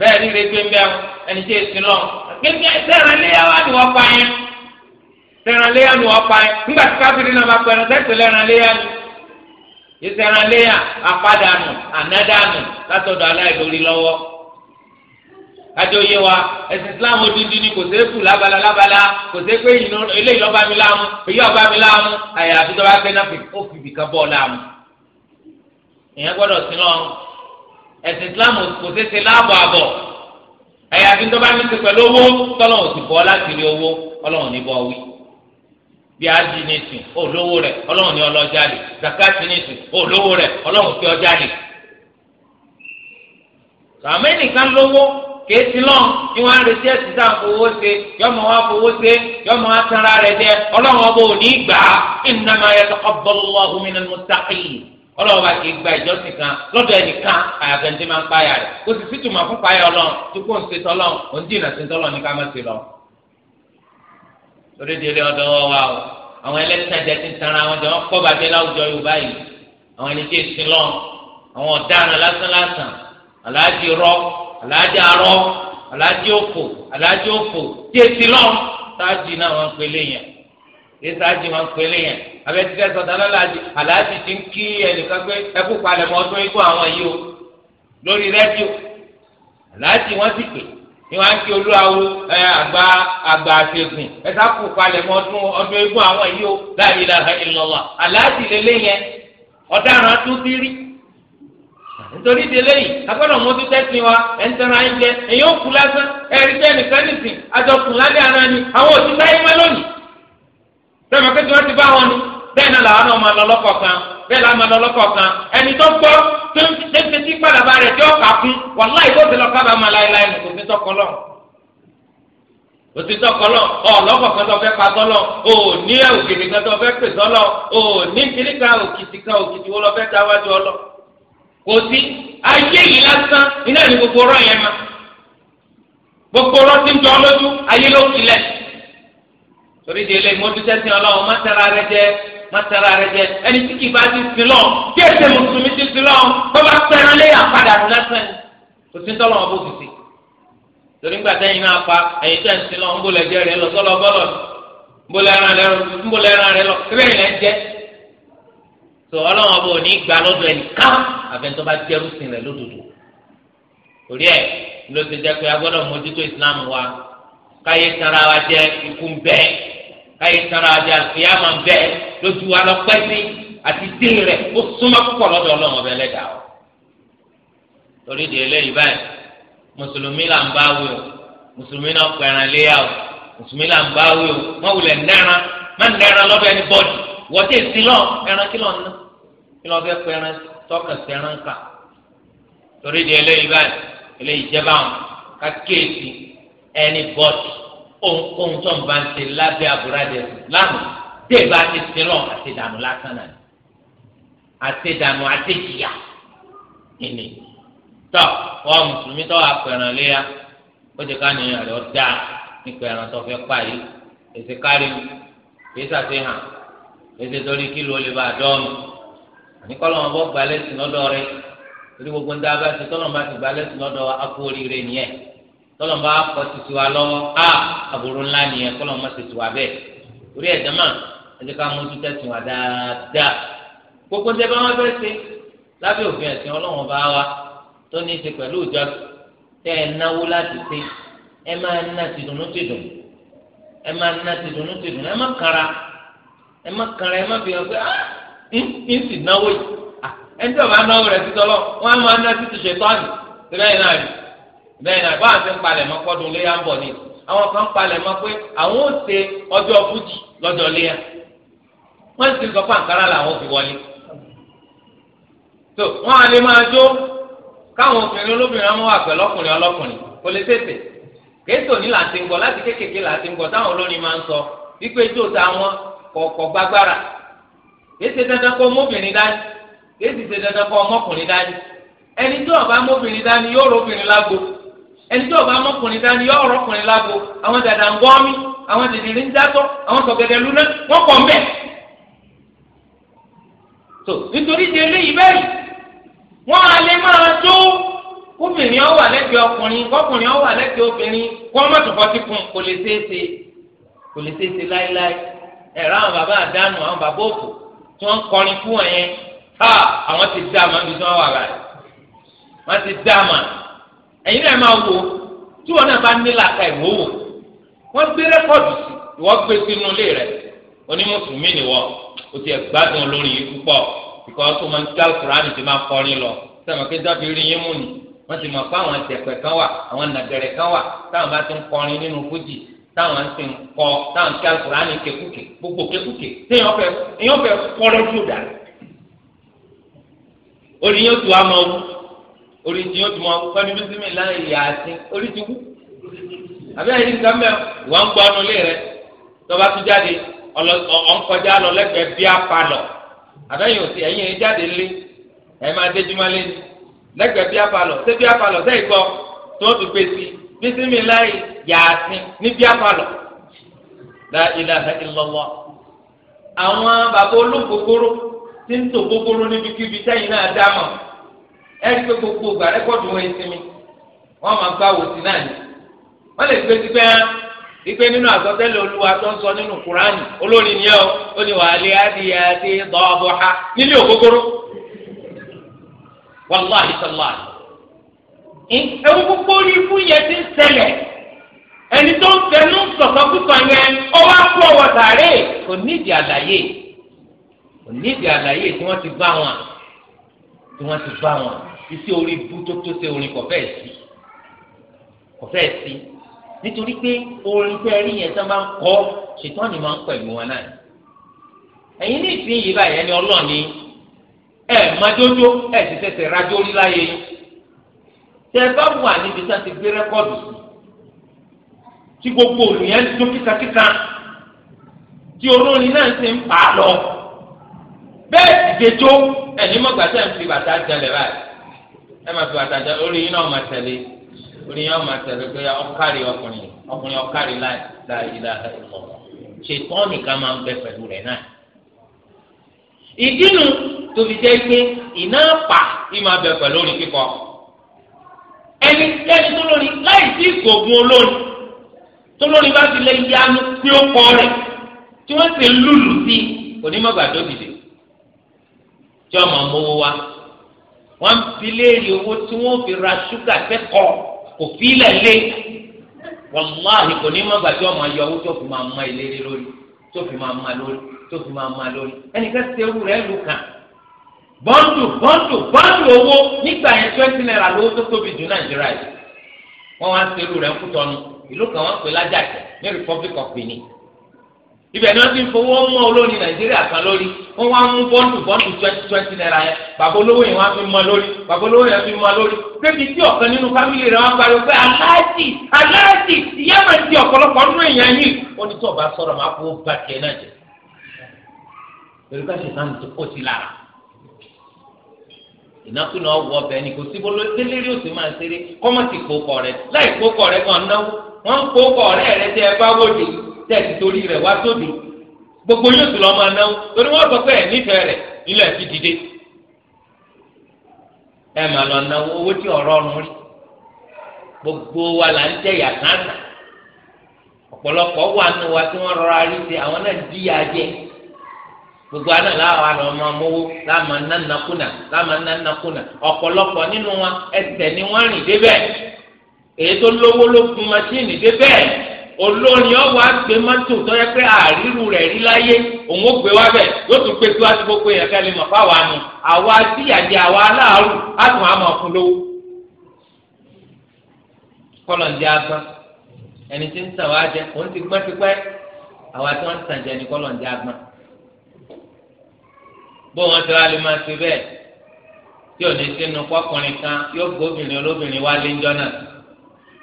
bẹ́ẹ̀ ni ìrètí ń bẹ ọ ẹni tí èsì lọ kékeré sẹ́ran ni wọ́n pa yẹn sẹ́ran ni wọ́n pa yẹn nígbà tí káfíìrì náà bá pẹ̀lú sẹ́sẹ̀ lẹ́ran ni apádànù ànádànù látọ̀dọ̀ aláìlórí lọ́wọ́ wa ẹ̀sìn odindi ni kò kù lábala lábala kò pé mi láàmú èyí ọba mi láàmú àyà àti tọ́ba náà ẹ̀sìn islam kò sèse láàbọ̀ àbọ̀ ẹ̀yà bí tó bá ní ti pẹ̀lú owó tọ́lọ́wọ̀n sì bọ́ láti rí owó ọlọ́wọ̀n ní bọ́ wí bí a di ní sìn olówó rẹ̀ ní ọlọ́jà lè zakati ní sìn olówó rẹ̀ ọlọ́wọ̀n fi ọjà lè. sàmẹ́nìkan lówó kéésì náà ni wọ́n retí ẹ̀sìn tá fowó ṣe wa fowó ṣe ọlọ́run bá kì í gba ìjọsìn kan lọ́dọ̀ ẹnìkan àyàfẹ́ntì máa ń páyà rẹ̀ kò sì sí tùmọ̀ fún páyà ọlọ́run tó kó ń ṣe tọ́lọ́run ò ń dìnnà sí tọ́lọ́run ní ká má ṣe lọ. torí délé ọ̀dọ̀ wọn wá o àwọn ẹlẹ́sìn jẹ́ ti tanra wọn jẹ́ wọn kọ́ bàjẹ́ láwùjọ yorùbá yìí àwọn ẹni tí èsì lọ àwọn ọ̀daràn lásán lásán aláàjì rọ aláàjì arọ aláàjì òfò aláàjì òfò tí èsì lọ táàjì náà wọn pe léyìn ìsáàjì wọn pèlè yẹn abẹ́tí fẹ́ sọ̀tà lọ́làjì aláàjì ti ń kí ẹnìkan pé ẹkú palẹ̀ mọ́ àwọn yìí o lórí rẹ́díò wọn ti pè wọn á kí ẹ àgbà àgbà àfẹ́gùn ẹ sáàkú ọdún ọdún àwọn yìí o la ilaha illallah aláàjì lélẹ́ tún ti rí nítorí délé yìí wa ẹ̀ ń nìkan nìsín àjọkùn ara sẹ́mi pé tí wọ́n ti bá wọn ni bẹ́ẹ̀ náà làwọn náà máa lọ lọ́kọ̀ kan bẹ́ẹ̀ làwọn máa lọ lọ́kọ̀ kan ẹni tó gbọ́ tó ń tètè tí pàlàbà rẹ̀ tí ó kà fún wàláì tó ti lọ kábà máa láéláé nù kò sí tọkọlọ kò sí tọkọlọ ọ lọ́kọ̀ kan tó fẹ́ pa tọ́lọ̀ ò ní òkìtì kan tó fẹ́ pè tọ́lọ̀ ò ní kìlíkà òkìtì kan òkìtì wo lọ fẹ́ dáwájú ọlọ kò sí ayé yìí lásán iná ní gbogbo ọ̀rọ̀ yẹn ma gbogbo ọ̀rọ̀ tí ń jọ lójú ayé ló kilẹ̀ torí de ilé mọ́tútẹ́ sí ọlọ́run mọ́tara rẹ jẹ mọ́tara rẹ jẹ ẹni tí kì bá ti sin lọ bí èsè mùsùlùmí ti sin lọ bó bá pẹ́ran lé àpadà lásán kò sí tọ́lọ̀ wọn bó fi si torí gbà tẹ́yìn náà pa ẹ̀yin tẹ́ ń sin lọ ń bó lẹ́jẹ́ rẹ lọ sọ́lọ́ bọ́lọ̀ ń bó lẹ́ran rẹ lọ ebe ìlẹ̀ ń jẹ́ tó ọlọ́run bó ní gbà lọ́dọ̀ ẹnìkan àfẹ́ntọ́ bá jẹ́rú sin rẹ lódodo torí ẹ̀ ló ti jẹ́ pé a gbọ́dọ̀ wa káyé tara wa jẹ́ Ayi tara àjẹ àlùkìyàmà ń bẹ́ẹ̀ lójú wa lọ àti dé rẹ̀ ó súnmọ́ púpọ̀ lọ́dọ̀ ọlọ́run ọbẹ̀ lẹ́dàá o. torí di eléyìí báyìí mùsùlùmí là ń bá wí o mùsùlùmí náà léyà o mùsùlùmí là ń o wulẹ̀ má lọ ẹran kí lọ ná kí kà torí di báyìí jẹ́ báwọn ohunkóhun tó ń bá ń ṣe lábẹ́ àbúradẹ lánà dé bá ti ṣe lọ àti dànù lásán náà àti dànù àti jìyà ìní tọ wọn mùsùlùmí tọ àpẹẹrẹ léya ó ti ká nìyẹn rẹ ó dáa nípa ẹran tó fẹ́ pa yìí èsì kárí mi kìí ṣàfihàn èsì torí kí ló lè bá a dọ́ọ̀nù àní kọ́ lọ́wọ́ bọ́ gbalẹ́sì lọ́dọ̀ rẹ torí gbogbo ń dá abá ti tọ́lọ́mọ́ ti gbalẹ́sì tọ́lọ̀ bá kọ́ títí wa lọ́wọ́ a àbúrò ńlá nìyẹn kọ́lọ̀ mọ́ títí wa bẹ́ẹ̀ orí ẹ̀dá mà ẹ̀jẹ̀ ká mójú tẹ̀sí wa dáadáa gbogbo tẹ bá wọn fẹ́ ṣe lábẹ́ òfin ẹ̀sìn ọlọ́wọ́n bá wa tó ní í ṣe pẹ̀lú ìjọ tẹ ẹ náwó láti ṣe ẹ máa ná ti dùnú ti dùn ẹ máa ná ti dùnú ti dùn ẹ má kara ẹ má kara ẹ má fi hàn pé ah ń sì náwó yìí ẹni tí wọn bá náwó rẹ títọ́ lọ wọn á máa ná títí ṣètọ́ àná bẹ́ẹ̀ náà báwọn fi ń palẹ̀ mọ́ kọ́dún léyà ń bọ̀ ni àwọn kan ń palẹ̀ mọ́ pé àwọn ò ṣe ọjọ́ fújì lọ́jọ́ léyà wọ́n ti sọ pé àǹkárá làwọn fi wọlé tó wọ́n á lè máa jó káwọn obìnrin olóbìnrin ọmọ wà pẹ̀lú ọkùnrin ọlọ́kùnrin kò lè tètè kéètò ní làǹtí ń gbọ́ láti kékèké làǹtí ń gbọ́ táwọn olórin máa ń sọ wípé jó táwọn kọ̀ọ̀kọ̀ gbágbára kéèsì dandan kọ́ mọ́bìnrin dání kéèsì dandan kọ́ ọmọkùnrin dání ẹni tí ó bá mọ́bìnrin dání yóò rọ́bìnrin lágbo ẹni tí ọba ọmọkùnrin dání yọ ọ̀rọ̀ ọkùnrin lágbo àwọn dàdà ń gbọmí àwọn dìdìrì ń dátọ àwọn sọgẹdẹ lúná wọn pọ̀ mbẹ. tó nítorí di eléyìí bẹ́ẹ̀ wọ́n á lè máa tó kóbìnrin ó wà lẹ́gbẹ̀ẹ́ ọkùnrin kọkùnrin ó wà lẹ́gbẹ̀ẹ́ obìnrin kó ọmọ tó fọ́ sí fún kò lè ṣeé ṣe kò lè ṣeé ṣe láéláé ẹ̀rọ àwọn bàbá àdánù àwọn bàbá òfò tí wọ́n kọrin fún ẹ̀ yẹn ha àwọn ti dá àmà níbi tí wà láì wọ́n ti dá àmà ẹ̀yin náà máa wò tí wọn náà bá ní làkà ìwò wò wọn gbé rẹkọọdù sí ìwọ gbé sínú ilé rẹ onímùsùlùmí nìwọ o ti ẹgbàdùn olórin yìí púpọ̀ ìkọ́ tó máa ń kí alukùránì ti máa kọrin lọ sọ̀rọ̀ pé dábìí rí yín mú ni wọ́n ti mọ̀ pé àwọn ẹ̀tẹ̀pẹ̀ kan wà àwọn nàgẹ̀rẹ̀ kan wà táwọn bá ti ń kọrin nínú fújì táwọn ti ń kọ táwọn kí alukùránì kékúkè gbogbo kékúkè téèyàn fẹ́ kọ́ lójú orí ti yóò tún wọn kọ́ ní bísímì láì yà á sí orí ti wú àbí ẹ̀yìn nǹkan mẹ́ wọ́n ń gbọ́ ọ́nù lé rẹ tọ́ba tún jáde ọ̀nkọjá lọ lẹ́gbẹ̀ẹ́ bí apalọ̀ àbẹ́yìn òsì ẹ̀yìn ẹ̀yìn jáde lé ẹ̀ máa déjúmọ́ lé ní lẹ́gbẹ̀ẹ́ bí apalọ̀ ṣé bí apalọ̀ sẹ́yìn gbọ́ tó tún pè sí bísímì láì yà á sí ní bí apalọ̀ la ilaha illallah àwọn bàbá olóògbogbo ti ń tò gbogbo níbikíbi sẹ́yìn náà dá mọ́ ẹni pé gbogbo ìgbà rẹ́kọ̀dù wọn ìsinmi wọ́n máa gbá wòsí náà ni wọ́n lè gbé sípẹ́ ya ipe nínú olúwa tó ń sọ nínú kuraani olórí ni ẹ o ó ní wàá lé adìyẹ ha nílé gbogbo ikú yẹn ti ń ṣẹlẹ̀ ẹni tó ń tẹnu sọ̀tọ̀kùtọ̀ yẹn ọwọ́ akú ọwọ́ sàárè kò nídìí iṣẹ́ orí bú tó tó ṣe orin kò fẹ́ẹ̀ sí kò fẹ́ẹ̀ sí nítorí pé orin tẹ́ rí yẹn tó máa ń kọ́ ṣètọ́ ni máa ń pẹ̀lú wọn náà ẹ̀yin ní ìsín yìí báyìí ẹni ọlọ́ọ̀ni ẹ̀ májójó ẹ̀ sì ṣẹ̀ṣẹ̀ rájó rí láyé yín tẹ bá wà níbi tá a ti gbé rẹ́kọ́ọ̀dù sí tí gbogbo olùyẹn ń dún kíkakíka tí olórin náà ń ṣe ń pa á lọ bẹ́ẹ̀ sì gbẹjọ́ ẹ̀ní mọ̀gbà ń fi bàtà jẹlẹ̀ báyìí ẹ máa fi àtàjà orí yín náà máa tẹ̀lé orí yín náà máa tẹ̀lé pé ọkàrí ọkùnrin ọkùnrin ọkàrí láàyè láàyè lọ ṣètọ́ nìkan máa ń bẹ pẹ̀lú rẹ̀ náà. ìdínú tóbi jẹ́ pé iná pa ìmọ̀ abẹ pẹ̀lú orin kíkọ ẹni kẹ́ni tó lórí láì sí ìgbògun olórin tó lórí bá ti lè yanu pé ó kọ rẹ̀ tí wọ́n sì lùlù sí onímọ̀gbàdo dìde tí ọmọ mowó wa wọ́n fi léèrè owó tí wọ́n fi ra ṣúgà kẹ́kọ̀ọ́ kò fi ilẹ̀ lé wàláhì kò ní má gbàtí ọmọ ayọ owó tó fi máa ma ìlérí lórí tó fi máa ma lórí tó fi máa ma lórí ẹnìkan ti ewu rẹ̀ lù kàn bọ́ńdù bọ́ńdù bọ́ńdù owó nígbà yẹn twenty naira lówó tó tóbi jù nàìjíríà yìí wọ́n wá ń ti ewu rẹ̀ ń kútọ́ nu ìlú kan wọ́n pè lájàkẹ́ ní Republic of Benin ibẹ̀ ni wọ́n ti ń fowó mọ́ olórin nàìjíríà kan lórí wọ́n wá mú bọ́ǹdù bọ́ǹdù twenty twenty naira yẹn bàbá olówó yẹn wá fi mọ lórí bàbá olówó yẹn fi mọ lórí débi tí ọ̀kan nínú fámìlì rẹ̀ wọ́n pariwo pé aláàjì aláàjì ìyá máa ti ọ̀pọ̀lọpọ̀ nínú èèyàn yìí ó ní tí ọba sọ̀rọ̀ máa kó bá tiẹ̀ náà jẹ. pẹ̀lú ká ṣe náà ní ó ti lára ìnákùná wọ ọbẹ̀ ni kò síbo lélẹ́rìí ó sì máa ṣeré kọ́mọ̀tì kó kọ̀ rẹ̀ láì kó kọ̀ rẹ̀ kàn náwó wọ́n ń kó kọ̀ rẹ̀ gbogbo yóò sì lọ́ọ́ máa náwó torí wọ́n sọ pé ẹ̀ nífẹ̀ẹ́ rẹ̀ ti dìde ẹ mà lọ náwó owó tí rí gbogbo wa là ń jẹ yàtánà wà nù wa tí rọra rí ṣe àwọn náà gbogbo làwọn máa mówó láàmà láàmà olórin ọwọ́ àgbẹ̀ mọ́tò tó yẹ pé àríru rẹ̀ rí láyé òun ó gbé wá bẹ̀ yóò tún gbé síwájú gbogbo èèyàn kẹ́lẹ́ mọ̀ fáwa nù àwa tíyàjẹ àwa aláàrù á tún àmọ̀ fún lówó. kọ́lọ̀ ń di agbọ́n ẹni tí ń tàn wá jẹ òun ti gbọ́n tipẹ́ àwa tí wọ́n ń tàn jẹ ni kọ́lọ̀ ń di agbọ́n. bó wọn ti wá lè máa ṣe bẹ́ẹ̀ tí ò ní sínú kọ́kùnrin kan yóò gbóbìnrin olóbìnrin wá lé ńjọ́ náà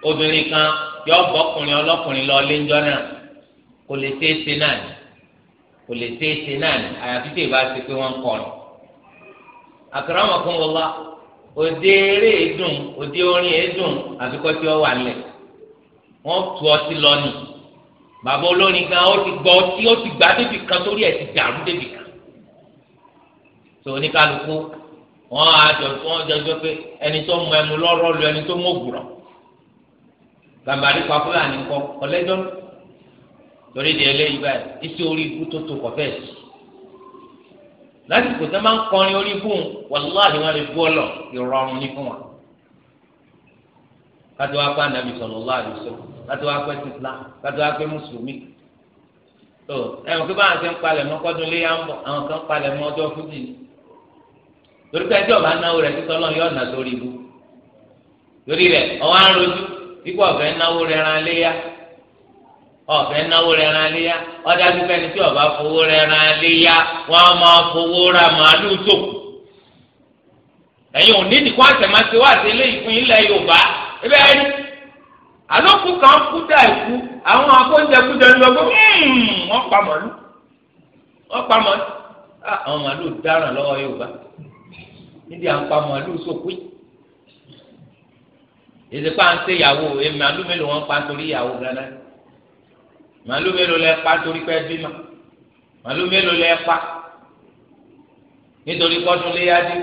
obìnrin kan yọ bọ́kùnrin ọlọ́kùnrin lọ léńjọ́ náà kò lè tẹ́ẹ̀sẹ̀ náà ni kò lè tẹ́ẹ̀sẹ̀ náà ni àyàfi tẹ̀ bá ti pé wọ́n kọrin. akramakumullah òde eré èdùn òde orin èdùn àfikọ́ tí wọ́n wà lẹ̀ wọ́n tu ọtí lọ nì bàbá olórin kan ó ti gbọ́ ọtí ó ti gbà débi kan torí ẹ̀ ti dàrú débi kan tó oníkálukú wọ́n á jọ wọ́n jọjọ pé ẹni tó mọ ẹmu lọ́rọ́ lu ẹni tó mọ̀ ògùrọ̀. bàbàrí pa fúlàní kọ torí di eléyìí báyìí isi orí ikú tó tó kọfẹ́ sí lásìkò tó máa ń kọrin orí fún wàláhì wọn lè bọ́ lọ ìrọ̀rùn ní fún wa kátó wá pé kátó wá pé kátó wá pé mùsùlùmí tó kí ṣe ń lé ń àwọn kan ni torí pé bá náwó náà ọ̀nà sórí torí ikú ọ̀fẹ́ náwó rẹran léyà ọ̀fẹ́ náwó rẹran léyà ọ̀dájú pẹ́ni tí ọba fowó rẹran léyà wọ́n á máa fowó ra màálùú sòkù ẹ̀yin ò nìkan àtẹ̀máṣe wá sí ilé ìpín Yorùbá ebe ẹni àlòkù kan kú dá ìkú àwọn akóńjẹkújẹ lọ hmm, pa pa ah, àwọn dáràn Yorùbá níbi ìsìnkú à ń ṣe ìyàwó èmi màálù mélòó wọn pa torí ìyàwó gánà màálù mélòó lẹ pa torí pé bímọ màálù mélòó lẹ pa nítorí kọ́tún léyàdí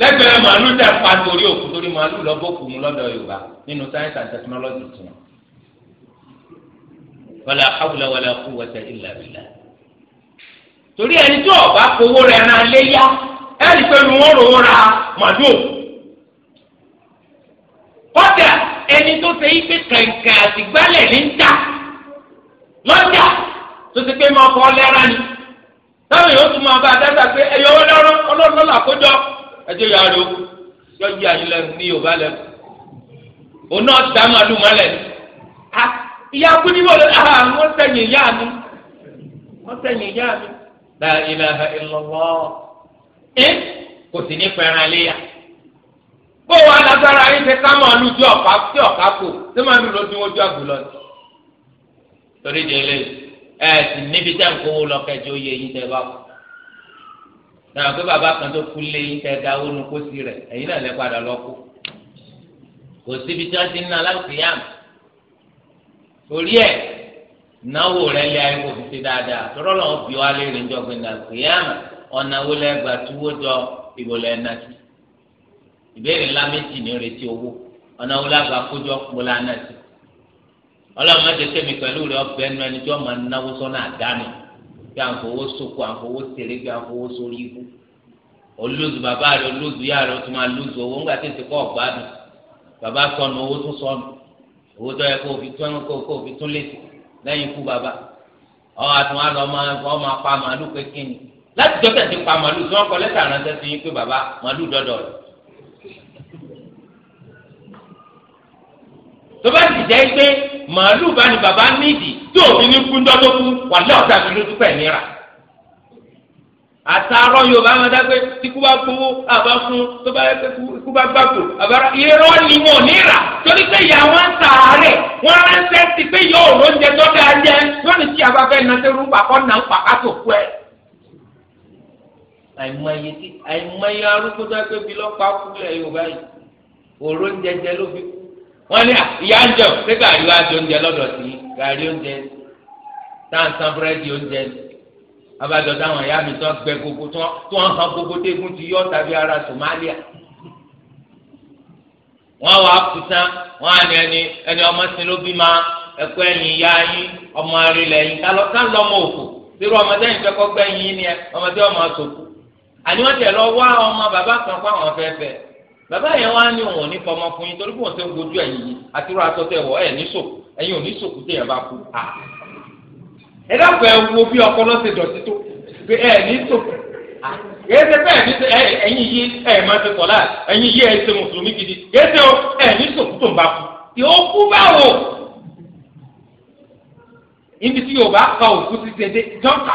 lẹ́gbẹ̀rẹ́ màálù tẹ̀ pa torí òkú torí màálù lọ́bọ̀kù mu lọ́dọ̀ Yorùbá nínú science and technology tiwọn. wala hawla wala quwwata illa billah. torí ẹni tí ọba kówó rẹ̀ ra léyà ẹ̀rí pé wọ́n rò ó ra màálù kọ́dà ẹni tó ṣe ipe kẹ̀kẹ́ àtìgbálẹ̀ ní ń ta tó ti pé máa kọ́ lẹ́ra ni táwọn èèyàn tún máa bá a dáadáa pé ẹ̀yọ́ ọlọ́run ọlọ́run lọ́la kójọ ẹjọ́ yà rẹ̀ o yọ yí ní yorùbá o náà dá mọ́lẹ̀ ìyá lọ bó wa lágbára yín ṣe ká máa lu tí ọ̀ká oju ọ̀ká kù tí máa lu lójú ojú àgbò lọ sí. torí délé ẹ sì níbi tẹ́ ń kówó lọ kẹjọ oyè yín kan tó kú lé yín da kó sí rẹ̀ ẹ̀yin náà lẹ padà lọ kú. kò síbi tí wọ́n ti ń ná láti yàn. torí ẹ̀ náwó lé ayé kò fi ṣe dáadáa tọ́rọ́ lọ́wọ́ bí wàá lè ìbéèrè ńlá méjì ní retí owó ọ̀nà wo lágbà kójọ kpọ́lá náà sí ọlọ́run mẹ́jẹ kẹ́mi pẹ̀lú rẹ ọbẹ̀ ẹnu ẹni tí wọ́n máa náwó sọ́nà àdánù bí à ń fowó sóko à ń fowó tèrè bí à ń fowó sórí ikú olóòzù bàbá rẹ olóòzù yá rẹ o tún máa lóòzù owó ńgbà tètè kọ́ ọ̀gbádùn bàbá sọnù owó tún sọnù owó tó yẹ kó o fi tún kó o lẹ́yìn ikú bàbá ọ̀ àtún tó bá ti jẹ́ pé màálù bá ní bàbá nídìí tí òfin ní kú ńdọ́ tó kú wà lọ́ọ̀dà mi lójú pẹ̀ níra. àtàrọ yorùbá máa dágbé tí kú bá gbowó àbá fún tó bá kú bá gbàgbó àbára irọ́ ni wọn níra torí pé ìyá wọn ń sàárẹ̀ wọn ránṣẹ́ sí pé yóò lóúnjẹ tó dáa jẹ lónìí tí abáfẹ́ nàṣẹ́rú pàkọ́ nà ń pàkátó kú ẹ̀ àìmọye àìmọye arúgbó dágbé bi lọ́pàá kú wọ́n ní ah, ìyá ń jẹun pé gàrí wa jẹ lọdọ lọ́dọ̀ sí gàrí oúnjẹ táǹsán búrẹ́dì oúnjẹ abájọ táwọn ìyá mi tó gbẹ gbogbo tó ń gbogbo dégún ti yọ tàbí ara Somalia wọ́n wà á ní ẹni ẹni ọmọ ló ma ẹkọ ẹ̀yìn ìyá yín ọmọ rẹ lẹ́yìn tá lọ ọmọ òfò ọmọdé yìí fẹ́kọ́ gbẹ̀yìn ni ọmọdé ọmọ sòkò àníwọ̀n lọ wá ọmọ bàbá yẹn wá ní òun ní fọmọ fún yín torí kò ń tẹ́ gbójú ẹ̀yìn yìí àti irú aṣọ tẹ wọ̀ ẹ̀ ní sòkò ẹ̀yìn ò ní sòkò tẹ̀ yẹn bá kú. ẹ dákun ẹ wo bí ọkọ lọ́sẹ̀ dọ̀tí tó pé ẹ̀ ní sòkò yéésẹ bẹ́ẹ̀ ní sẹ ẹ̀yin yìí ẹ máa ṣe sọlá ẹ̀yin yìí ẹ ṣe mùsùlùmí gidi yéésẹ o ẹ ní sòkò tó ń bá kú yóò kú báwo. ibi tí Yorùbá kọ òkú ti ṣe dé jọ́ǹkà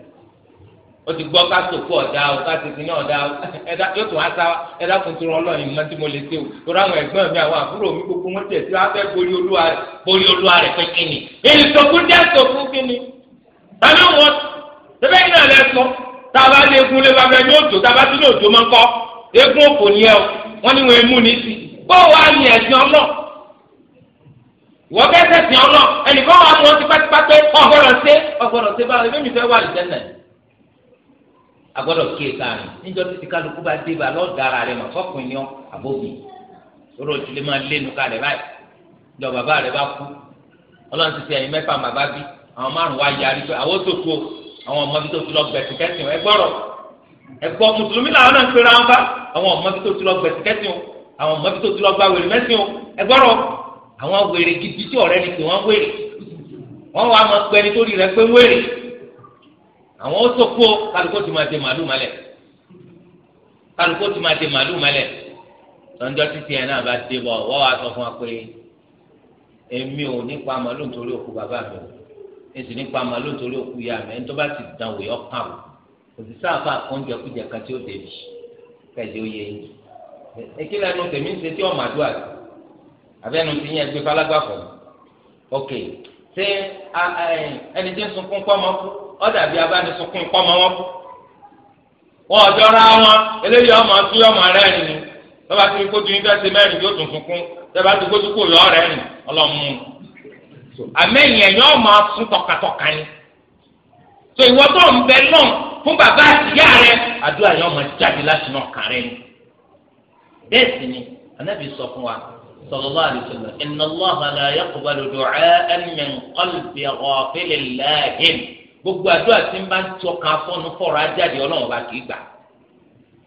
o ti gbọ́ ká sòkò ọ̀dà o ká sèkì náà ọ̀dà o ẹ̀dá yóò tún asa ẹ̀dá fún turu ọlọ́run ìmọ̀ tí mo lè ṣe o torí àwọn ẹ̀gbọ́n mi àwọn àbúrò mi gbogbo wọn tẹ̀ sí afẹ́ borí olúwa rẹ̀ borí olúwa rẹ̀ pé kíni èyí sọkún dé sọkún kíni tàbí wọn tẹ́fẹ́ yìí náà lẹ sọ tàbá lé egun lé bàbá ẹni òjò tàbá tún ní òjò máa ń kọ́ egun òkò ni ẹ o wọ́n ní wọn emú ní sí bó wa ni ẹ̀sìn ọlọ́ wọ́n fẹ́ sẹ̀sìn ọlọ́ ẹnìkan wà mọ́ tipátipá pé ọ̀gbọ́dọ̀ ṣe ọ̀gbọ́dọ̀ ṣe báyìí bẹ́ẹ̀ mi fẹ́ wà lùtẹ́nẹ̀ agbọ́dọ̀ kíyè sáàrin níjọ́ títí kálukú bá dé ba lọ́ọ́ dára rẹ̀ mọ̀ sọ́kùnrin ni ọ́ àbóbi lórí òtúlé máa lénu kalẹ̀ báyìí ìjọ bàbá rẹ̀ bá kú ọlọ́run ti fi ẹ̀yin mẹ́fà bàbá bí àwọn márùn wá yarí pé àwọn tó tó àwọn ọmọ bí tó ti lọ gbẹ̀sì kẹ́sìn ẹ gbọ́rọ̀ ẹ gbọ́ mùsùlùmí làwọn náà ń pera wọn bá àwọn ọmọ bí tó ti lọ gbẹ̀sì kẹ́sìn o àwọn ọmọ bí tó ti lọ gba wèrè mẹ́sìn o ẹ gbọ́rọ̀ àwọn wèrè gidi tí ọ̀rẹ́ ni pé wọ́n wèrè wọ́n wá mọ pẹ́ni tó rí rẹ pé wèrè àwọn ó sọkó kálukó ti máa de màálù malẹ̀ kálukó ti máa de màálù malẹ̀ lọ́njọ́ títí ẹ̀ náà bá dé bọ̀ wọ́n wá sọ fún wa pé èmi ò nípa màálù nítorí òkú bàbá mi ò èsì nípa màálù nítorí òkú ìyá mi ẹni tó bá ti dàn wò yọ kàn wò kò sí sáfà oúnjẹ kújẹ kan tí ó débi kẹjẹ ó yẹ yìí ekele ẹnu tèmi ń ṣe tí ọmọ àdúrà abẹ́nu ti yẹn gbé falágbá fọ̀ ok ṣé ẹni tí ń sunkún kọ́ ọmọ kú. ọdàbí abánisọkún kọmọ wọn wọn ọjọra wọn eléyìí ọmọ sí ọmọ rẹ nìyí bàbá tí kó tún mẹ́rin yóò tún sunkún bàbá tí kó tún kó rẹ ọmọ sún tọkàtọkà ni ìwọ tó ń bẹ fún bàbá àtìyá rẹ ọmọ jáde láti náà rẹ ni bẹ́ẹ̀ sì ni anábì sọ fún wa gbogbo àdúrà tí ń bá ń tọ́ka fọ́nù fọ́ra jáde ọlọ́run ọba kì í gbà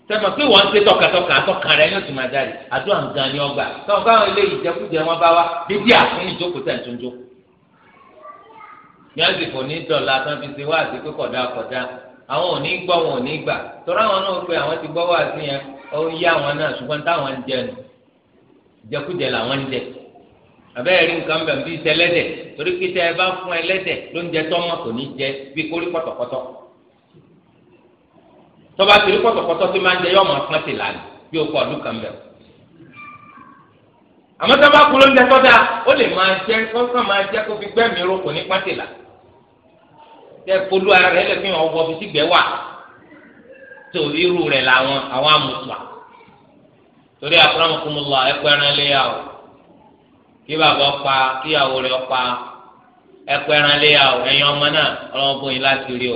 sẹ́mi pé wọ́n ń ṣe tọkàtọkà àtọkàn rẹ̀ yóò ti máa jáde àdúrà ń gan ni wọ́n gbà sọ́wọ́n káwọn eléyìí jẹkújẹ wọn bá wá bíbí àfún ìjókòó tẹ̀túnjó. yáàsì kò ní dọ̀la tán fi ṣe wá àti pé kọ̀dá kọ̀dá àwọn ò ní gbọ́ wọn ò ní gbà tọ́ra àwọn náà pé àwọn ti gbọ́ wá sí yẹn ó yá àwọn náà ṣùgbọ́n táwọn ń ń jẹ abẹ́rẹ́ rí nǹkan bẹ̀ bí tẹlẹ́dẹ̀ torí pé tẹ ẹ bá fún ẹlẹ́dẹ̀ ló ń jẹ tọ́mọ kò ní jẹ bí kórí pọ̀tọ̀pọ̀tọ̀ tọ́ba kiri pọ̀tọ̀pọ̀tọ̀ tó máa ń jẹ yọ ọmọ pọ́n ti lànà bí o kọ ọdún kan bẹ̀. àmọ́ tọ́ba kú ló ń jẹ tọ́da ó lè máa jẹ kọ́ńtàn máa jẹ kó fi gbẹ́mìí ro kò ní pọ́n ti là ara rẹ̀ làwọn kí bàbá ọpa kíyàwó rẹ̀ ọpa ẹpẹran léyà o ẹ̀yin ọmọ náà ọlọmọbó yín láti rí o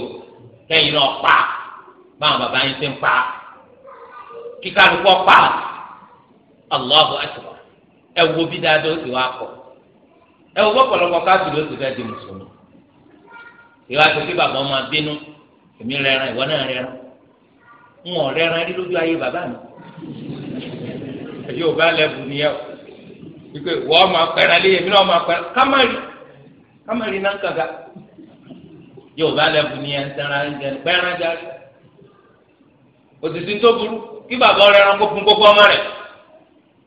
kẹyìn náà pa báwọn bàbá yín ti ń pa kíkàlùkọ pa Allahu akbar ẹ wo bí dáadáa ó sì wá kọ ẹ wo bọ́pọ̀lọpọ̀ káàkiri ó sì fẹ́ di mùsùlùmí ìwà tó kí bàbá ọmọ bínú èmi rẹran ìwọ náà rẹran ń wọ̀n rẹran rí lójú ayé bàbá mi yóò bá lẹ́bù nìyẹn o. wípé wọ́n ọmọ apẹ̀rẹ̀ lé èmi náà ọmọ apẹ̀rẹ̀ kámẹ́rì kámẹ́rì náà kàga yóò bá lẹ́bù ní ẹ̀ ń tẹ́ra ń jẹ pẹ́ẹ́rán jáde òtítí tó burú kí bàbá ọ̀rẹ́ fún gbogbo ọmọ rẹ̀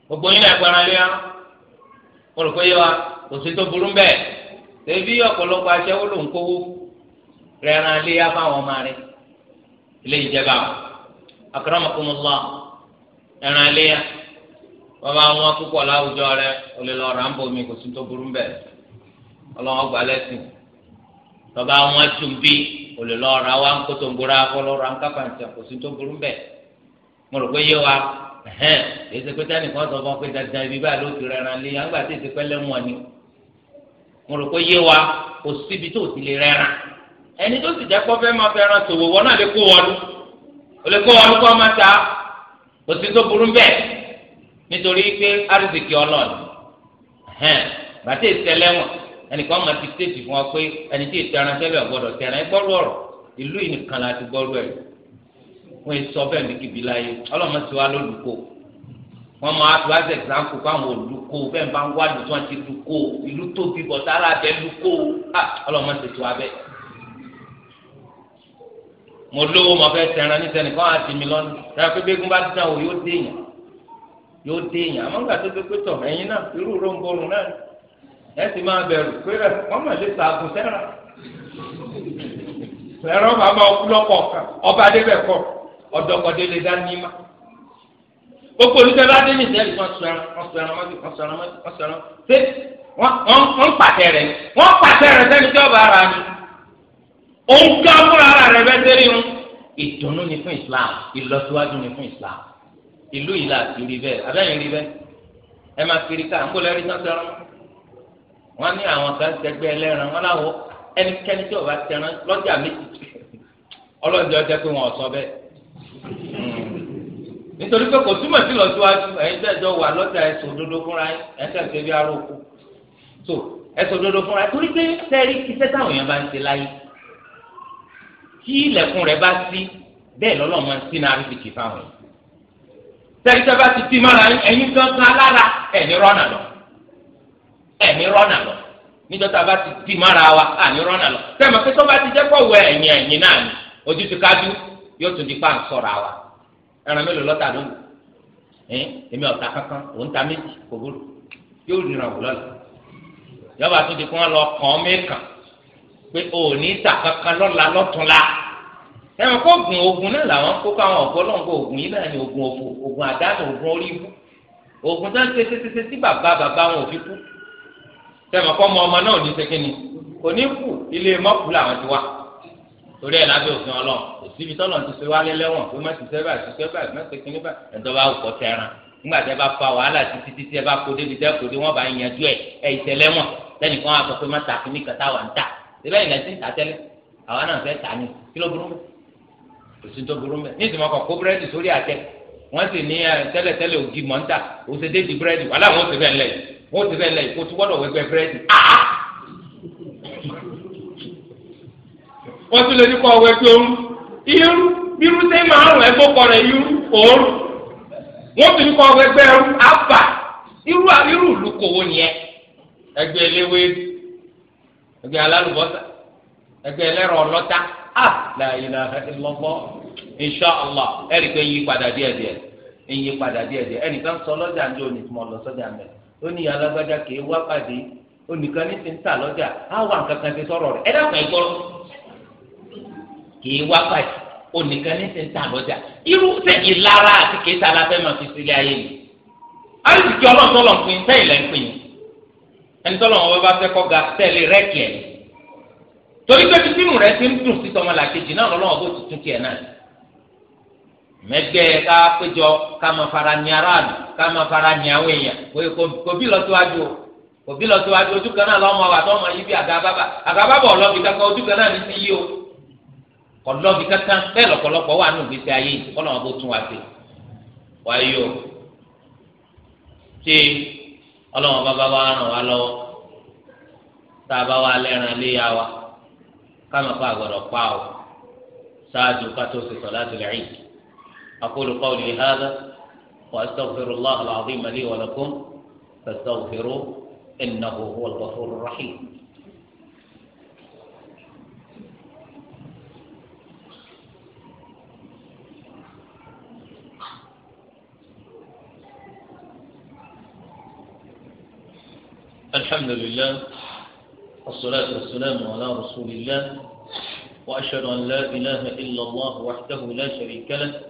gbogbo yín náà lé mo rò pé yẹ wa òtítí tó burú bẹ́ẹ̀ ọ̀pọ̀lọpọ̀ aṣẹ́wó ló ń kówó lé ọmọ rẹ̀ ilé ìjẹba bàbá wọn púpọ̀ láwùjọ rẹ o lè lọ ń bomi kò sí tó burú bẹ́ẹ̀ ọlọ́wọ́n gba lẹ́sìn bàbá wọn tún bí rà ń rà ń kápá kò tó burú bẹ́ẹ̀ mo wa ẹ̀hẹ́n ọ pé dandan ibi báyìí ló ti rẹran lé àgbà tí èsì pẹ́lẹ́ wọn ni mo rò pé yé wa kò síbi tó ti lè rẹran ẹni tó sì nítorí pé arzikì ọlọ́ọ̀ni hẹ́n bàtẹ́ ìsẹlẹ́wọ̀n ẹnìkan máa ti tètè fún ọ pé ẹni tí ìtẹ̀ràn tẹ́lẹ̀ ọ̀gbọ́dọ̀ tẹ̀ràn ẹ gbọ́rú ọ̀rọ̀ ìlú yìí nìkan la ti gbọ́rú ẹ̀ wọ́n yìí sọ bẹ́ẹ̀ níbi láyé ọlọ́mọ ti wá lólùkọ́ wọ́n máa tó as example fáwọn olùkọ́ bẹ́ẹ̀ bá ń wá lù tí wọ́n ti lùkọ́ ìlú tóbi bọ̀ sára mo lówó mo fẹ́ tẹ̀ràn ní sẹ́nìkan àti mi lọ́nà tẹ̀ràn pé bẹ́ẹ̀ yóò dé èèyàn àmọ́ gbà tó fi pé tọ̀ ẹ̀yin náà irú ròǹbòrùn náà ẹ sì máa bẹ̀rù pé wọ́n mọ̀ lè sàgùn sẹ́ra ẹ̀rọ bàbá ọkùlọ́kọ̀ ọba débẹ̀ kọ ọ̀dọ́kọ̀dé lè dá ní ma gbogbo olùkọ́ bá dé nìjẹ́ lè wọ́n sọ ẹran wọ́n sọ ẹran wọ́n sọ ẹran ṣé wọ́n pàtẹ rẹ̀ wọ́n pàtẹ rẹ̀ sẹ́ni tí ọba ara ni òun gbọ́ fúnra rẹ̀ bẹ́ẹ̀ sẹ́ni ìdùnnú ni fún Islam ìlọsíwájú ni fún Islam ìlú yìí láti rí bẹ́ẹ̀ abẹ́yìn rí bẹ́ẹ̀ ẹ máa kiri ká ńkó lẹ́rìí tán sẹ́ran wọ́n ní àwọn kan tẹgbẹ́ ẹlẹ́ran wọ́n láwọ ẹnikẹ́ni tí ọba tẹran lọ́jà méjì ọlọ́dẹ ọjọ́ pé wọ́n sọ bẹ́ẹ̀ hmm. nítorí pé kò túmọ̀ sí lọ́síwájú ẹ̀yin tẹ̀jọ́ wà lọ́jà ẹ̀sùn òdodo fúnra yín ẹ̀sẹ̀ ṣe bí aróko so ẹ̀sùn òdodo fúnra yín torí pé sẹ́ẹ̀rí iṣẹ́ táwọn èèyàn bá ń ṣe láyé tí ilẹ̀kùn rẹ̀ bá sí bẹ́ẹ̀ lọ́lọ́ tẹ́lifíṣẹ́ bá ti ti mọ́ra ẹ̀yin gangan alára ẹ̀ní rọ́nà lọ ẹ̀ní rọ́nà lọ níjọ́ta bá ti ti mọ́ra wa ẹ̀ní rọ́nà lọ tẹ́lifíṣẹ́ pé tó bá ti jẹ́ pọ̀wọ́ ẹ̀yìn ẹ̀yìn náà ni ojú ti kájú yóò tún di pa àǹsọ̀ra wa ẹran mélòó lọ́tà ló wù ẹ́n èmi ọ̀tà kankan òun ta méjì kò bóró yóò rìnrìn àwùlọ lọ yọba tún di kí wọ́n lọ kàn án mẹ́kàn pé òní ta kankan lọ́la lọ́tún la ẹ̀wọ̀n kó oògùn oògùn náà làwọn kó káwọn ọ̀pọ̀lọpọ̀ oògùn yìí náà ni oògùn òfò oògùn àdánù oògùn orí ibú oògùn tó ń ṣe ṣeṣeṣe tí bàbá bàbá wọn ò fi kú tẹ̀wọ̀n kọ́ ọmọ ọmọ náà ní sẹ́kẹ́ni kò ní kù ilé mọ́kù làwọn ti wá torí ẹ̀ lábẹ́ òfin ọlọ́run kò síbi tọ́lọ̀ ti ṣe wálé lẹ́wọ̀n pé má ti ṣe báyìí ṣiṣẹ́ báyìí má ṣe kíní báyìí ẹ̀dọ́ bá kọ́ tẹran nígbà tẹ́ bá fa wàhálà títí títí ẹ bá kó débi tẹ́ kó dé wọ́n bá yanjú ẹ̀ ẹ̀ ìṣẹ̀lẹ́wọ̀n lẹ́nìkan wà sọ pé má ta kíní kàtà wà ń òsì tó burú mẹ ní ìsìnkú ọkọ kó búrẹ́dì sórí àtẹ wọ́n sì ní tẹ́lẹ̀tẹ́lẹ̀ eh, ògì mọ́ńtà òsè déjì búrẹ́dì wàhálà wọn ò sì bẹ́ẹ̀ lẹ́yìn wọn ò sì bẹ́ẹ̀ lẹ́yìn kó tó gbọ́dọ̀ wẹgbẹ́ búrẹ́dì áá wọ́n tún lè ní kọ́ wẹgbẹ́ ooru irú irú sẹ́yìn máa rùn ẹgbẹ́ kọ́ rẹ̀ irú ooru wọ́n tún ní kọ́ wẹgbẹ́ ooru àbà irú irú ìlúkòwò nìyẹn ẹgbẹ́ eléwé ẹgbẹ́ alálùbọ́sà ẹgbẹ́ ẹlẹ́rọ ọlọ́ta la ilaha illallah insha allah ẹ̀rí pé ń yí padà díẹ̀ díẹ̀ ń yí padà díẹ̀ díẹ̀ ẹnìkan sọ lọ́jà ń jẹ́ òní tí mo lọ sọ́jà mẹ́ ó ní ìyá alágbádá kì í wá pàdé onìkan ní ti ń tà lọ́jà á wà nǹkan kan ti sọ̀rọ̀ rẹ̀ ẹ dákun ẹ̀ gbọ́rọ̀ kì í wá pàdé onìkan ní ti ń tà lọ́jà irú sẹ́yìn àti kì í ta la fẹ́ máa fi sílé ayé mi àrùsìkì ọlọ́ọ̀tọ́lọ̀ ń pin sẹ́yìn lẹ́ ń pin ẹni torí pé tìpínú rẹ ti ń dùn sí tọmọlàkejì náà lọ́wọ́ bó ti tún tiẹ̀ náà mẹgbẹ ká péjọ ká máa fara ní aráàlú ká máa fara ní àwọn èèyàn kò bí lọ́síwájú o kò bí lọ́síwájú ojú kan náà lọ́mọ wa tọ́mọ yìí bí àgàbàbà àgàbàbà ọlọ́bì kankan ojú kan náà ní ti yí o ọlọ́bì kankan bẹ́ẹ̀ lọ́pọ̀lọpọ̀ wà nù gbèsè ayé yìí kọ́ bó tún wá sí wáyé o ṣé ọlọ́wọ́ bàbá wa ràn wá lọ́wọ́ tá a bá wa lẹ́ran léyà wa. káma pa àgbọ̀dọ̀ pa o ṣáájú kátó ṣe sọ̀láàtù lẹ́yìn. aqulu qawli hadha wa astaghfirullah al-azim li wa lakum fastaghfiru innahu huwal ghafurur rahim. الحمد لله والصلاة والسلام على رسول الله وأشهد أن لا إله إلا الله وحده لا شريك له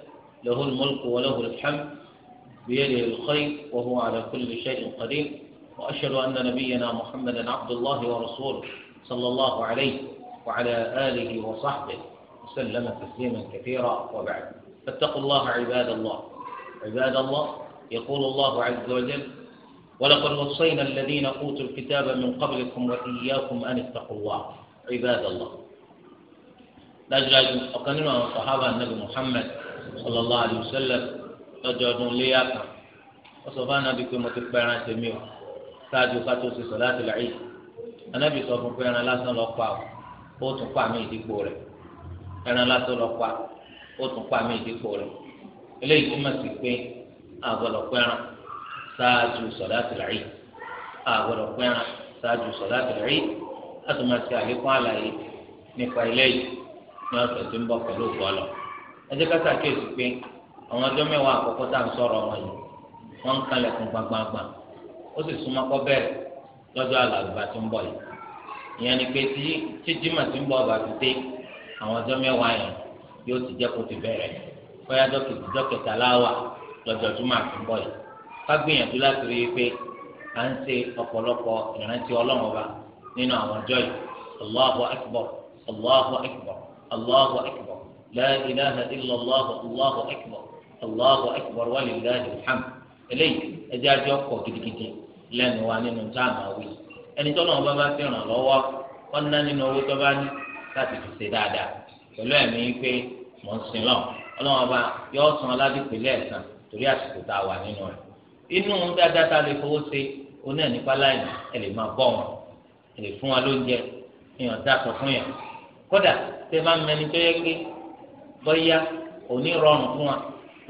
له الملك وله الحمد بيده الخير وهو على كل شيء قدير وأشهد أن نبينا محمدا عبد الله ورسوله صلى الله عليه وعلى آله وصحبه وسلم تسليما كثيرا وبعد فاتقوا الله عباد الله عباد الله يقول الله عز وجل ولقد وصينا الذين أوتوا الكتاب من قبلكم وإياكم أن اتقوا الله عباد الله dájúdájú ọ̀kan nínú àwọn sàhábà nàbì muhammed sallallahu alayhi wa sallam lọ́jọ́ ọdún léyà kan ó sọ fún anábì pé mo ti pẹ́ ẹran ṣe mí o ṣáájú ká tó ṣe sọ̀dá àti làyè anábì sọ fún pé ẹran lásán lọ pa ó tún pa mí ìdípò rẹ̀ ẹran lásán lọ pa ó tún pa mí ìdípò rẹ̀ eléyìí túmọ̀ sí pé àgọ́ lọ pẹ́ràn ṣáájú sọ̀láàtì rẹ̀ yìí àgbọ̀dọ̀ pẹ́ran ṣáájú sọ̀láàtì rẹ̀ yìí láti máa ṣe àlékún àlàyé nípa ilé yìí ní ọ̀sẹ̀ tó ń bọ̀ pẹ̀lú bọ́ọ̀lọ̀ ẹ jẹ́ ká ṣàkíyèsí pé àwọn ọjọ́ mẹ́wàá àkọ́kọ́ tá à ń sọ̀rọ̀ wọn yìí wọ́n ń kalẹ̀kùn gbangbangba ó sì súnmọ́ kọ́ bẹ́ẹ̀ lọ́jọ́ àlàbà tó ń bọ̀ yìí ìyẹn ni pé tí tíjímà ti ń bọ̀ ọba ti dé àwọn ọjọ́ mẹ́wàá yẹn yóò ti jẹ́ kó ti bẹ̀rẹ̀ fọyájọ́ kejì jọ́ kẹtàlá lọ́jọ́ júmọ̀ àti ń bọ̀ yìí ká gbìyànjú láti rí i pé à ń ṣe ọ̀pọ̀lọpọ̀ ìrántí ọlọ́run ọba nínú àwọn ọjọ́ yìí allahu akbar allahu akbar allahu akbar la ilaha illa allah allahu akbar allahu akbar wa lillahi alhamd eléyìí ẹjẹ ajé ọkọ gidigidi lẹ́nu wa nínú táàmù àwí ẹni tó lọ́wọ́ bá bá fi ràn lọ́wọ́ wọn ná nínú owó tó bá ní láti fi ṣe dáadáa pẹ̀lú ẹ̀mí pé mọ̀ ń sin lọ ọlọ́wọ́n bá yọ ọ́ san aládìpínlẹ̀ ẹ̀sán torí àsìkò tá a wà nínú rẹ̀ inú dáadáa ta lè fowó ṣe oní ẹ̀nípa láìní ẹ lè máa bọ́ wọn ẹ lè fún wọn lóúnjẹ èèyàn dáàtọ fún yàn kódà tẹ bá mẹni tó yẹ pé bóyá òní rọrùn fún wa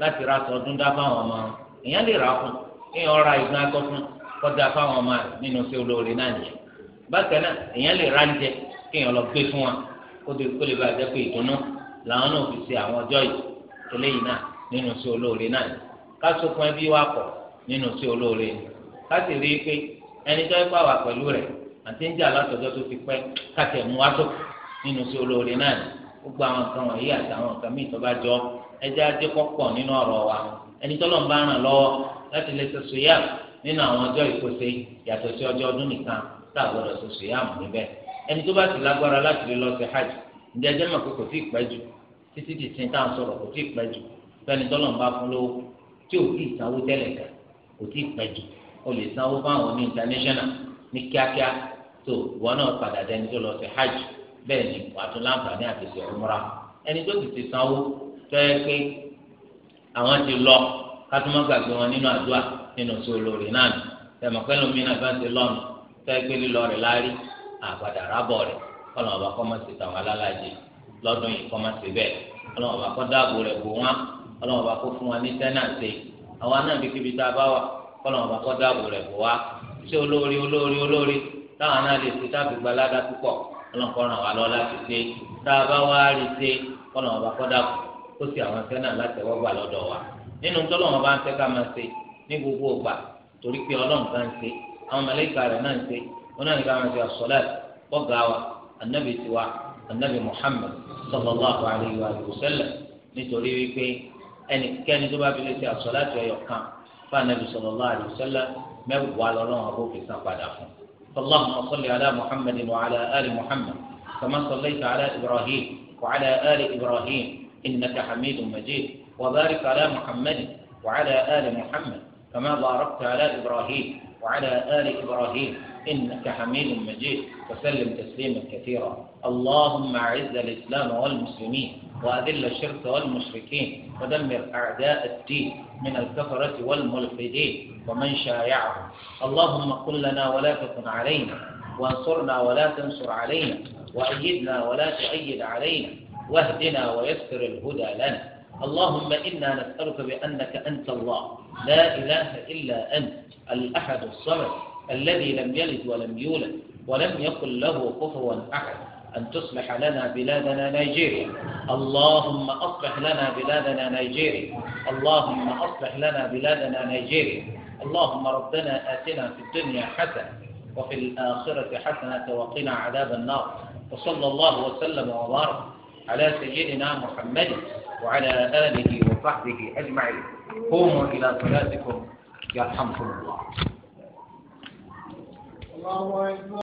láti ra aṣọ ọdún dá fáwọn ọmọ wọn èèyàn lè rà á fún èèyàn ra ìgbọn akọ fún kọjá fáwọn ọmọ rẹ nínú sí olóore náà nìyẹn bákan náà èèyàn lè ra oúnjẹ kéèyàn lọ gbé fún wa kó lè bá jẹ pé ìdùnnú làwọn náà fi ṣe àwọn ọjọ́ yìí eléyìí náà nínú sí olóore náà ká sókun ẹbí wa pọ̀ nínú sí olóore láti rí i pé ẹni tó ń pa wà pẹ̀lú rẹ̀ àti ń jà látọjọ́ tó ti pẹ́ káàkiri ẹ̀mú wá tó nínú sí olóore náà ni gbogbo àwọn nǹkan wọ̀nyí àtàwọn nǹkan míì tó jọ ẹjẹ́ pọ̀pọ̀ nínú ọ̀rọ̀ wa ẹni tó lọ́n bá ràn lọ́wọ́ láti lè sọ̀sọ̀ yá nínú àwọn ọjọ́ yàtọ̀ sí ọjọ́ ọdún nìkan tá sọ̀sọ̀ yá mọ̀ níbẹ̀ ẹni tó bá sì lágbára láti lè lọ sí hajj ǹjẹ́ ẹjẹ́ mọ̀ pé kò tí ì pẹ́ jù títí dìtín sọ̀rọ̀ kò tí ì pẹ́ jù fẹ́ni tó lọ́n bá fún lówó tí ò tí ì kò tí ì pẹ́ jù o lè sanwó fáwọn oní international ní kíákíá tó wọn náà padà dẹni tó lọ sí hajj bẹ́ẹ̀ ni wàá tún láǹfààní àti ṣe umra ẹni tó sì ti sanwó tó yẹ pé àwọn ti lọ kátúmọ̀ gbàgbé wọn nínú àdúrà nínú sólórí náà ni tẹ̀mọ̀ pẹ́ lómi náà bá ń ṣe lọ́nù tó yẹ pé lílọ rẹ̀ láárí àgbàdà rábọ̀ rẹ̀ kọ́nà ọba kọ́ máa ṣe tàwọn alálàájì lọ́dún yìí kọ́ máa ṣe bẹ́ẹ̀ kọ́nà ọba kọ́ dáàbò rẹ̀ bò wọ́n kọ́nà ọba kó fún wọn ní tẹ́nà ṣe àwa náà bí kíbi tá a bá wà kọ́nà ọba kọ́ dáàbò rẹ̀ bò wá ṣé olórí olórí olórí táwọn náà lè ṣe táàbì gba ládá púpọ̀ ọlọ́kọ́ràn wà lọ́ láti ṣe tá a bá wá rí ṣe kọ́nà ọba kọ́ dáàbò ó sì àwọn ẹsẹ̀ láti ẹwọ́ gbà lọ́dọ̀ wa nínú tọ́lọ́wọ́n bá ń fẹ́ máa ṣe ní gbogbo ògbà torí pé ọlọ́run kan ṣe àwọn màláíkà rẹ̀ náà ṣe wọn náà ní ká máa ṣe sallallahu alayhi wa sallam nítorí ẹnikẹ́ni tó bá fi lè ṣe àsọ̀láàtì ẹyọ kan fún anabi sallallahu alaihi wasallam mẹ́wàá lọ́lọ́run àbó fi san padà fún اللهم صل على محمد وعلى آل محمد كما صليت على إبراهيم وعلى آل إبراهيم إنك حميد مجيد وبارك على محمد وعلى آل محمد كما باركت على إبراهيم وعلى آل إبراهيم إنك حميد مجيد وسلم تسليما كثيرا اللهم أعز الإسلام والمسلمين وأذل الشرك والمشركين ودمر أعداء الدين من الكفرة والملحدين ومن شايعهم اللهم قل لنا ولا تكن علينا وانصرنا ولا تنصر علينا وأيدنا ولا تؤيد علينا واهدنا ويسر الهدى لنا اللهم إنا نسألك بأنك أنت الله لا إله إلا أنت الأحد الصمد الذي لم يلد ولم يولد ولم يكن له كفوا أحد أن تصلح لنا بلادنا نيجيريا اللهم أصلح لنا بلادنا نيجيريا اللهم أصلح لنا بلادنا نيجيريا اللهم ربنا آتنا في الدنيا حسنة وفي الآخرة حسنة وقنا عذاب النار وصلى الله وسلم وبارك على سيدنا محمد وعلى آله وصحبه أجمعين قوموا إلى صلاتكم يرحمكم الله الله أكبر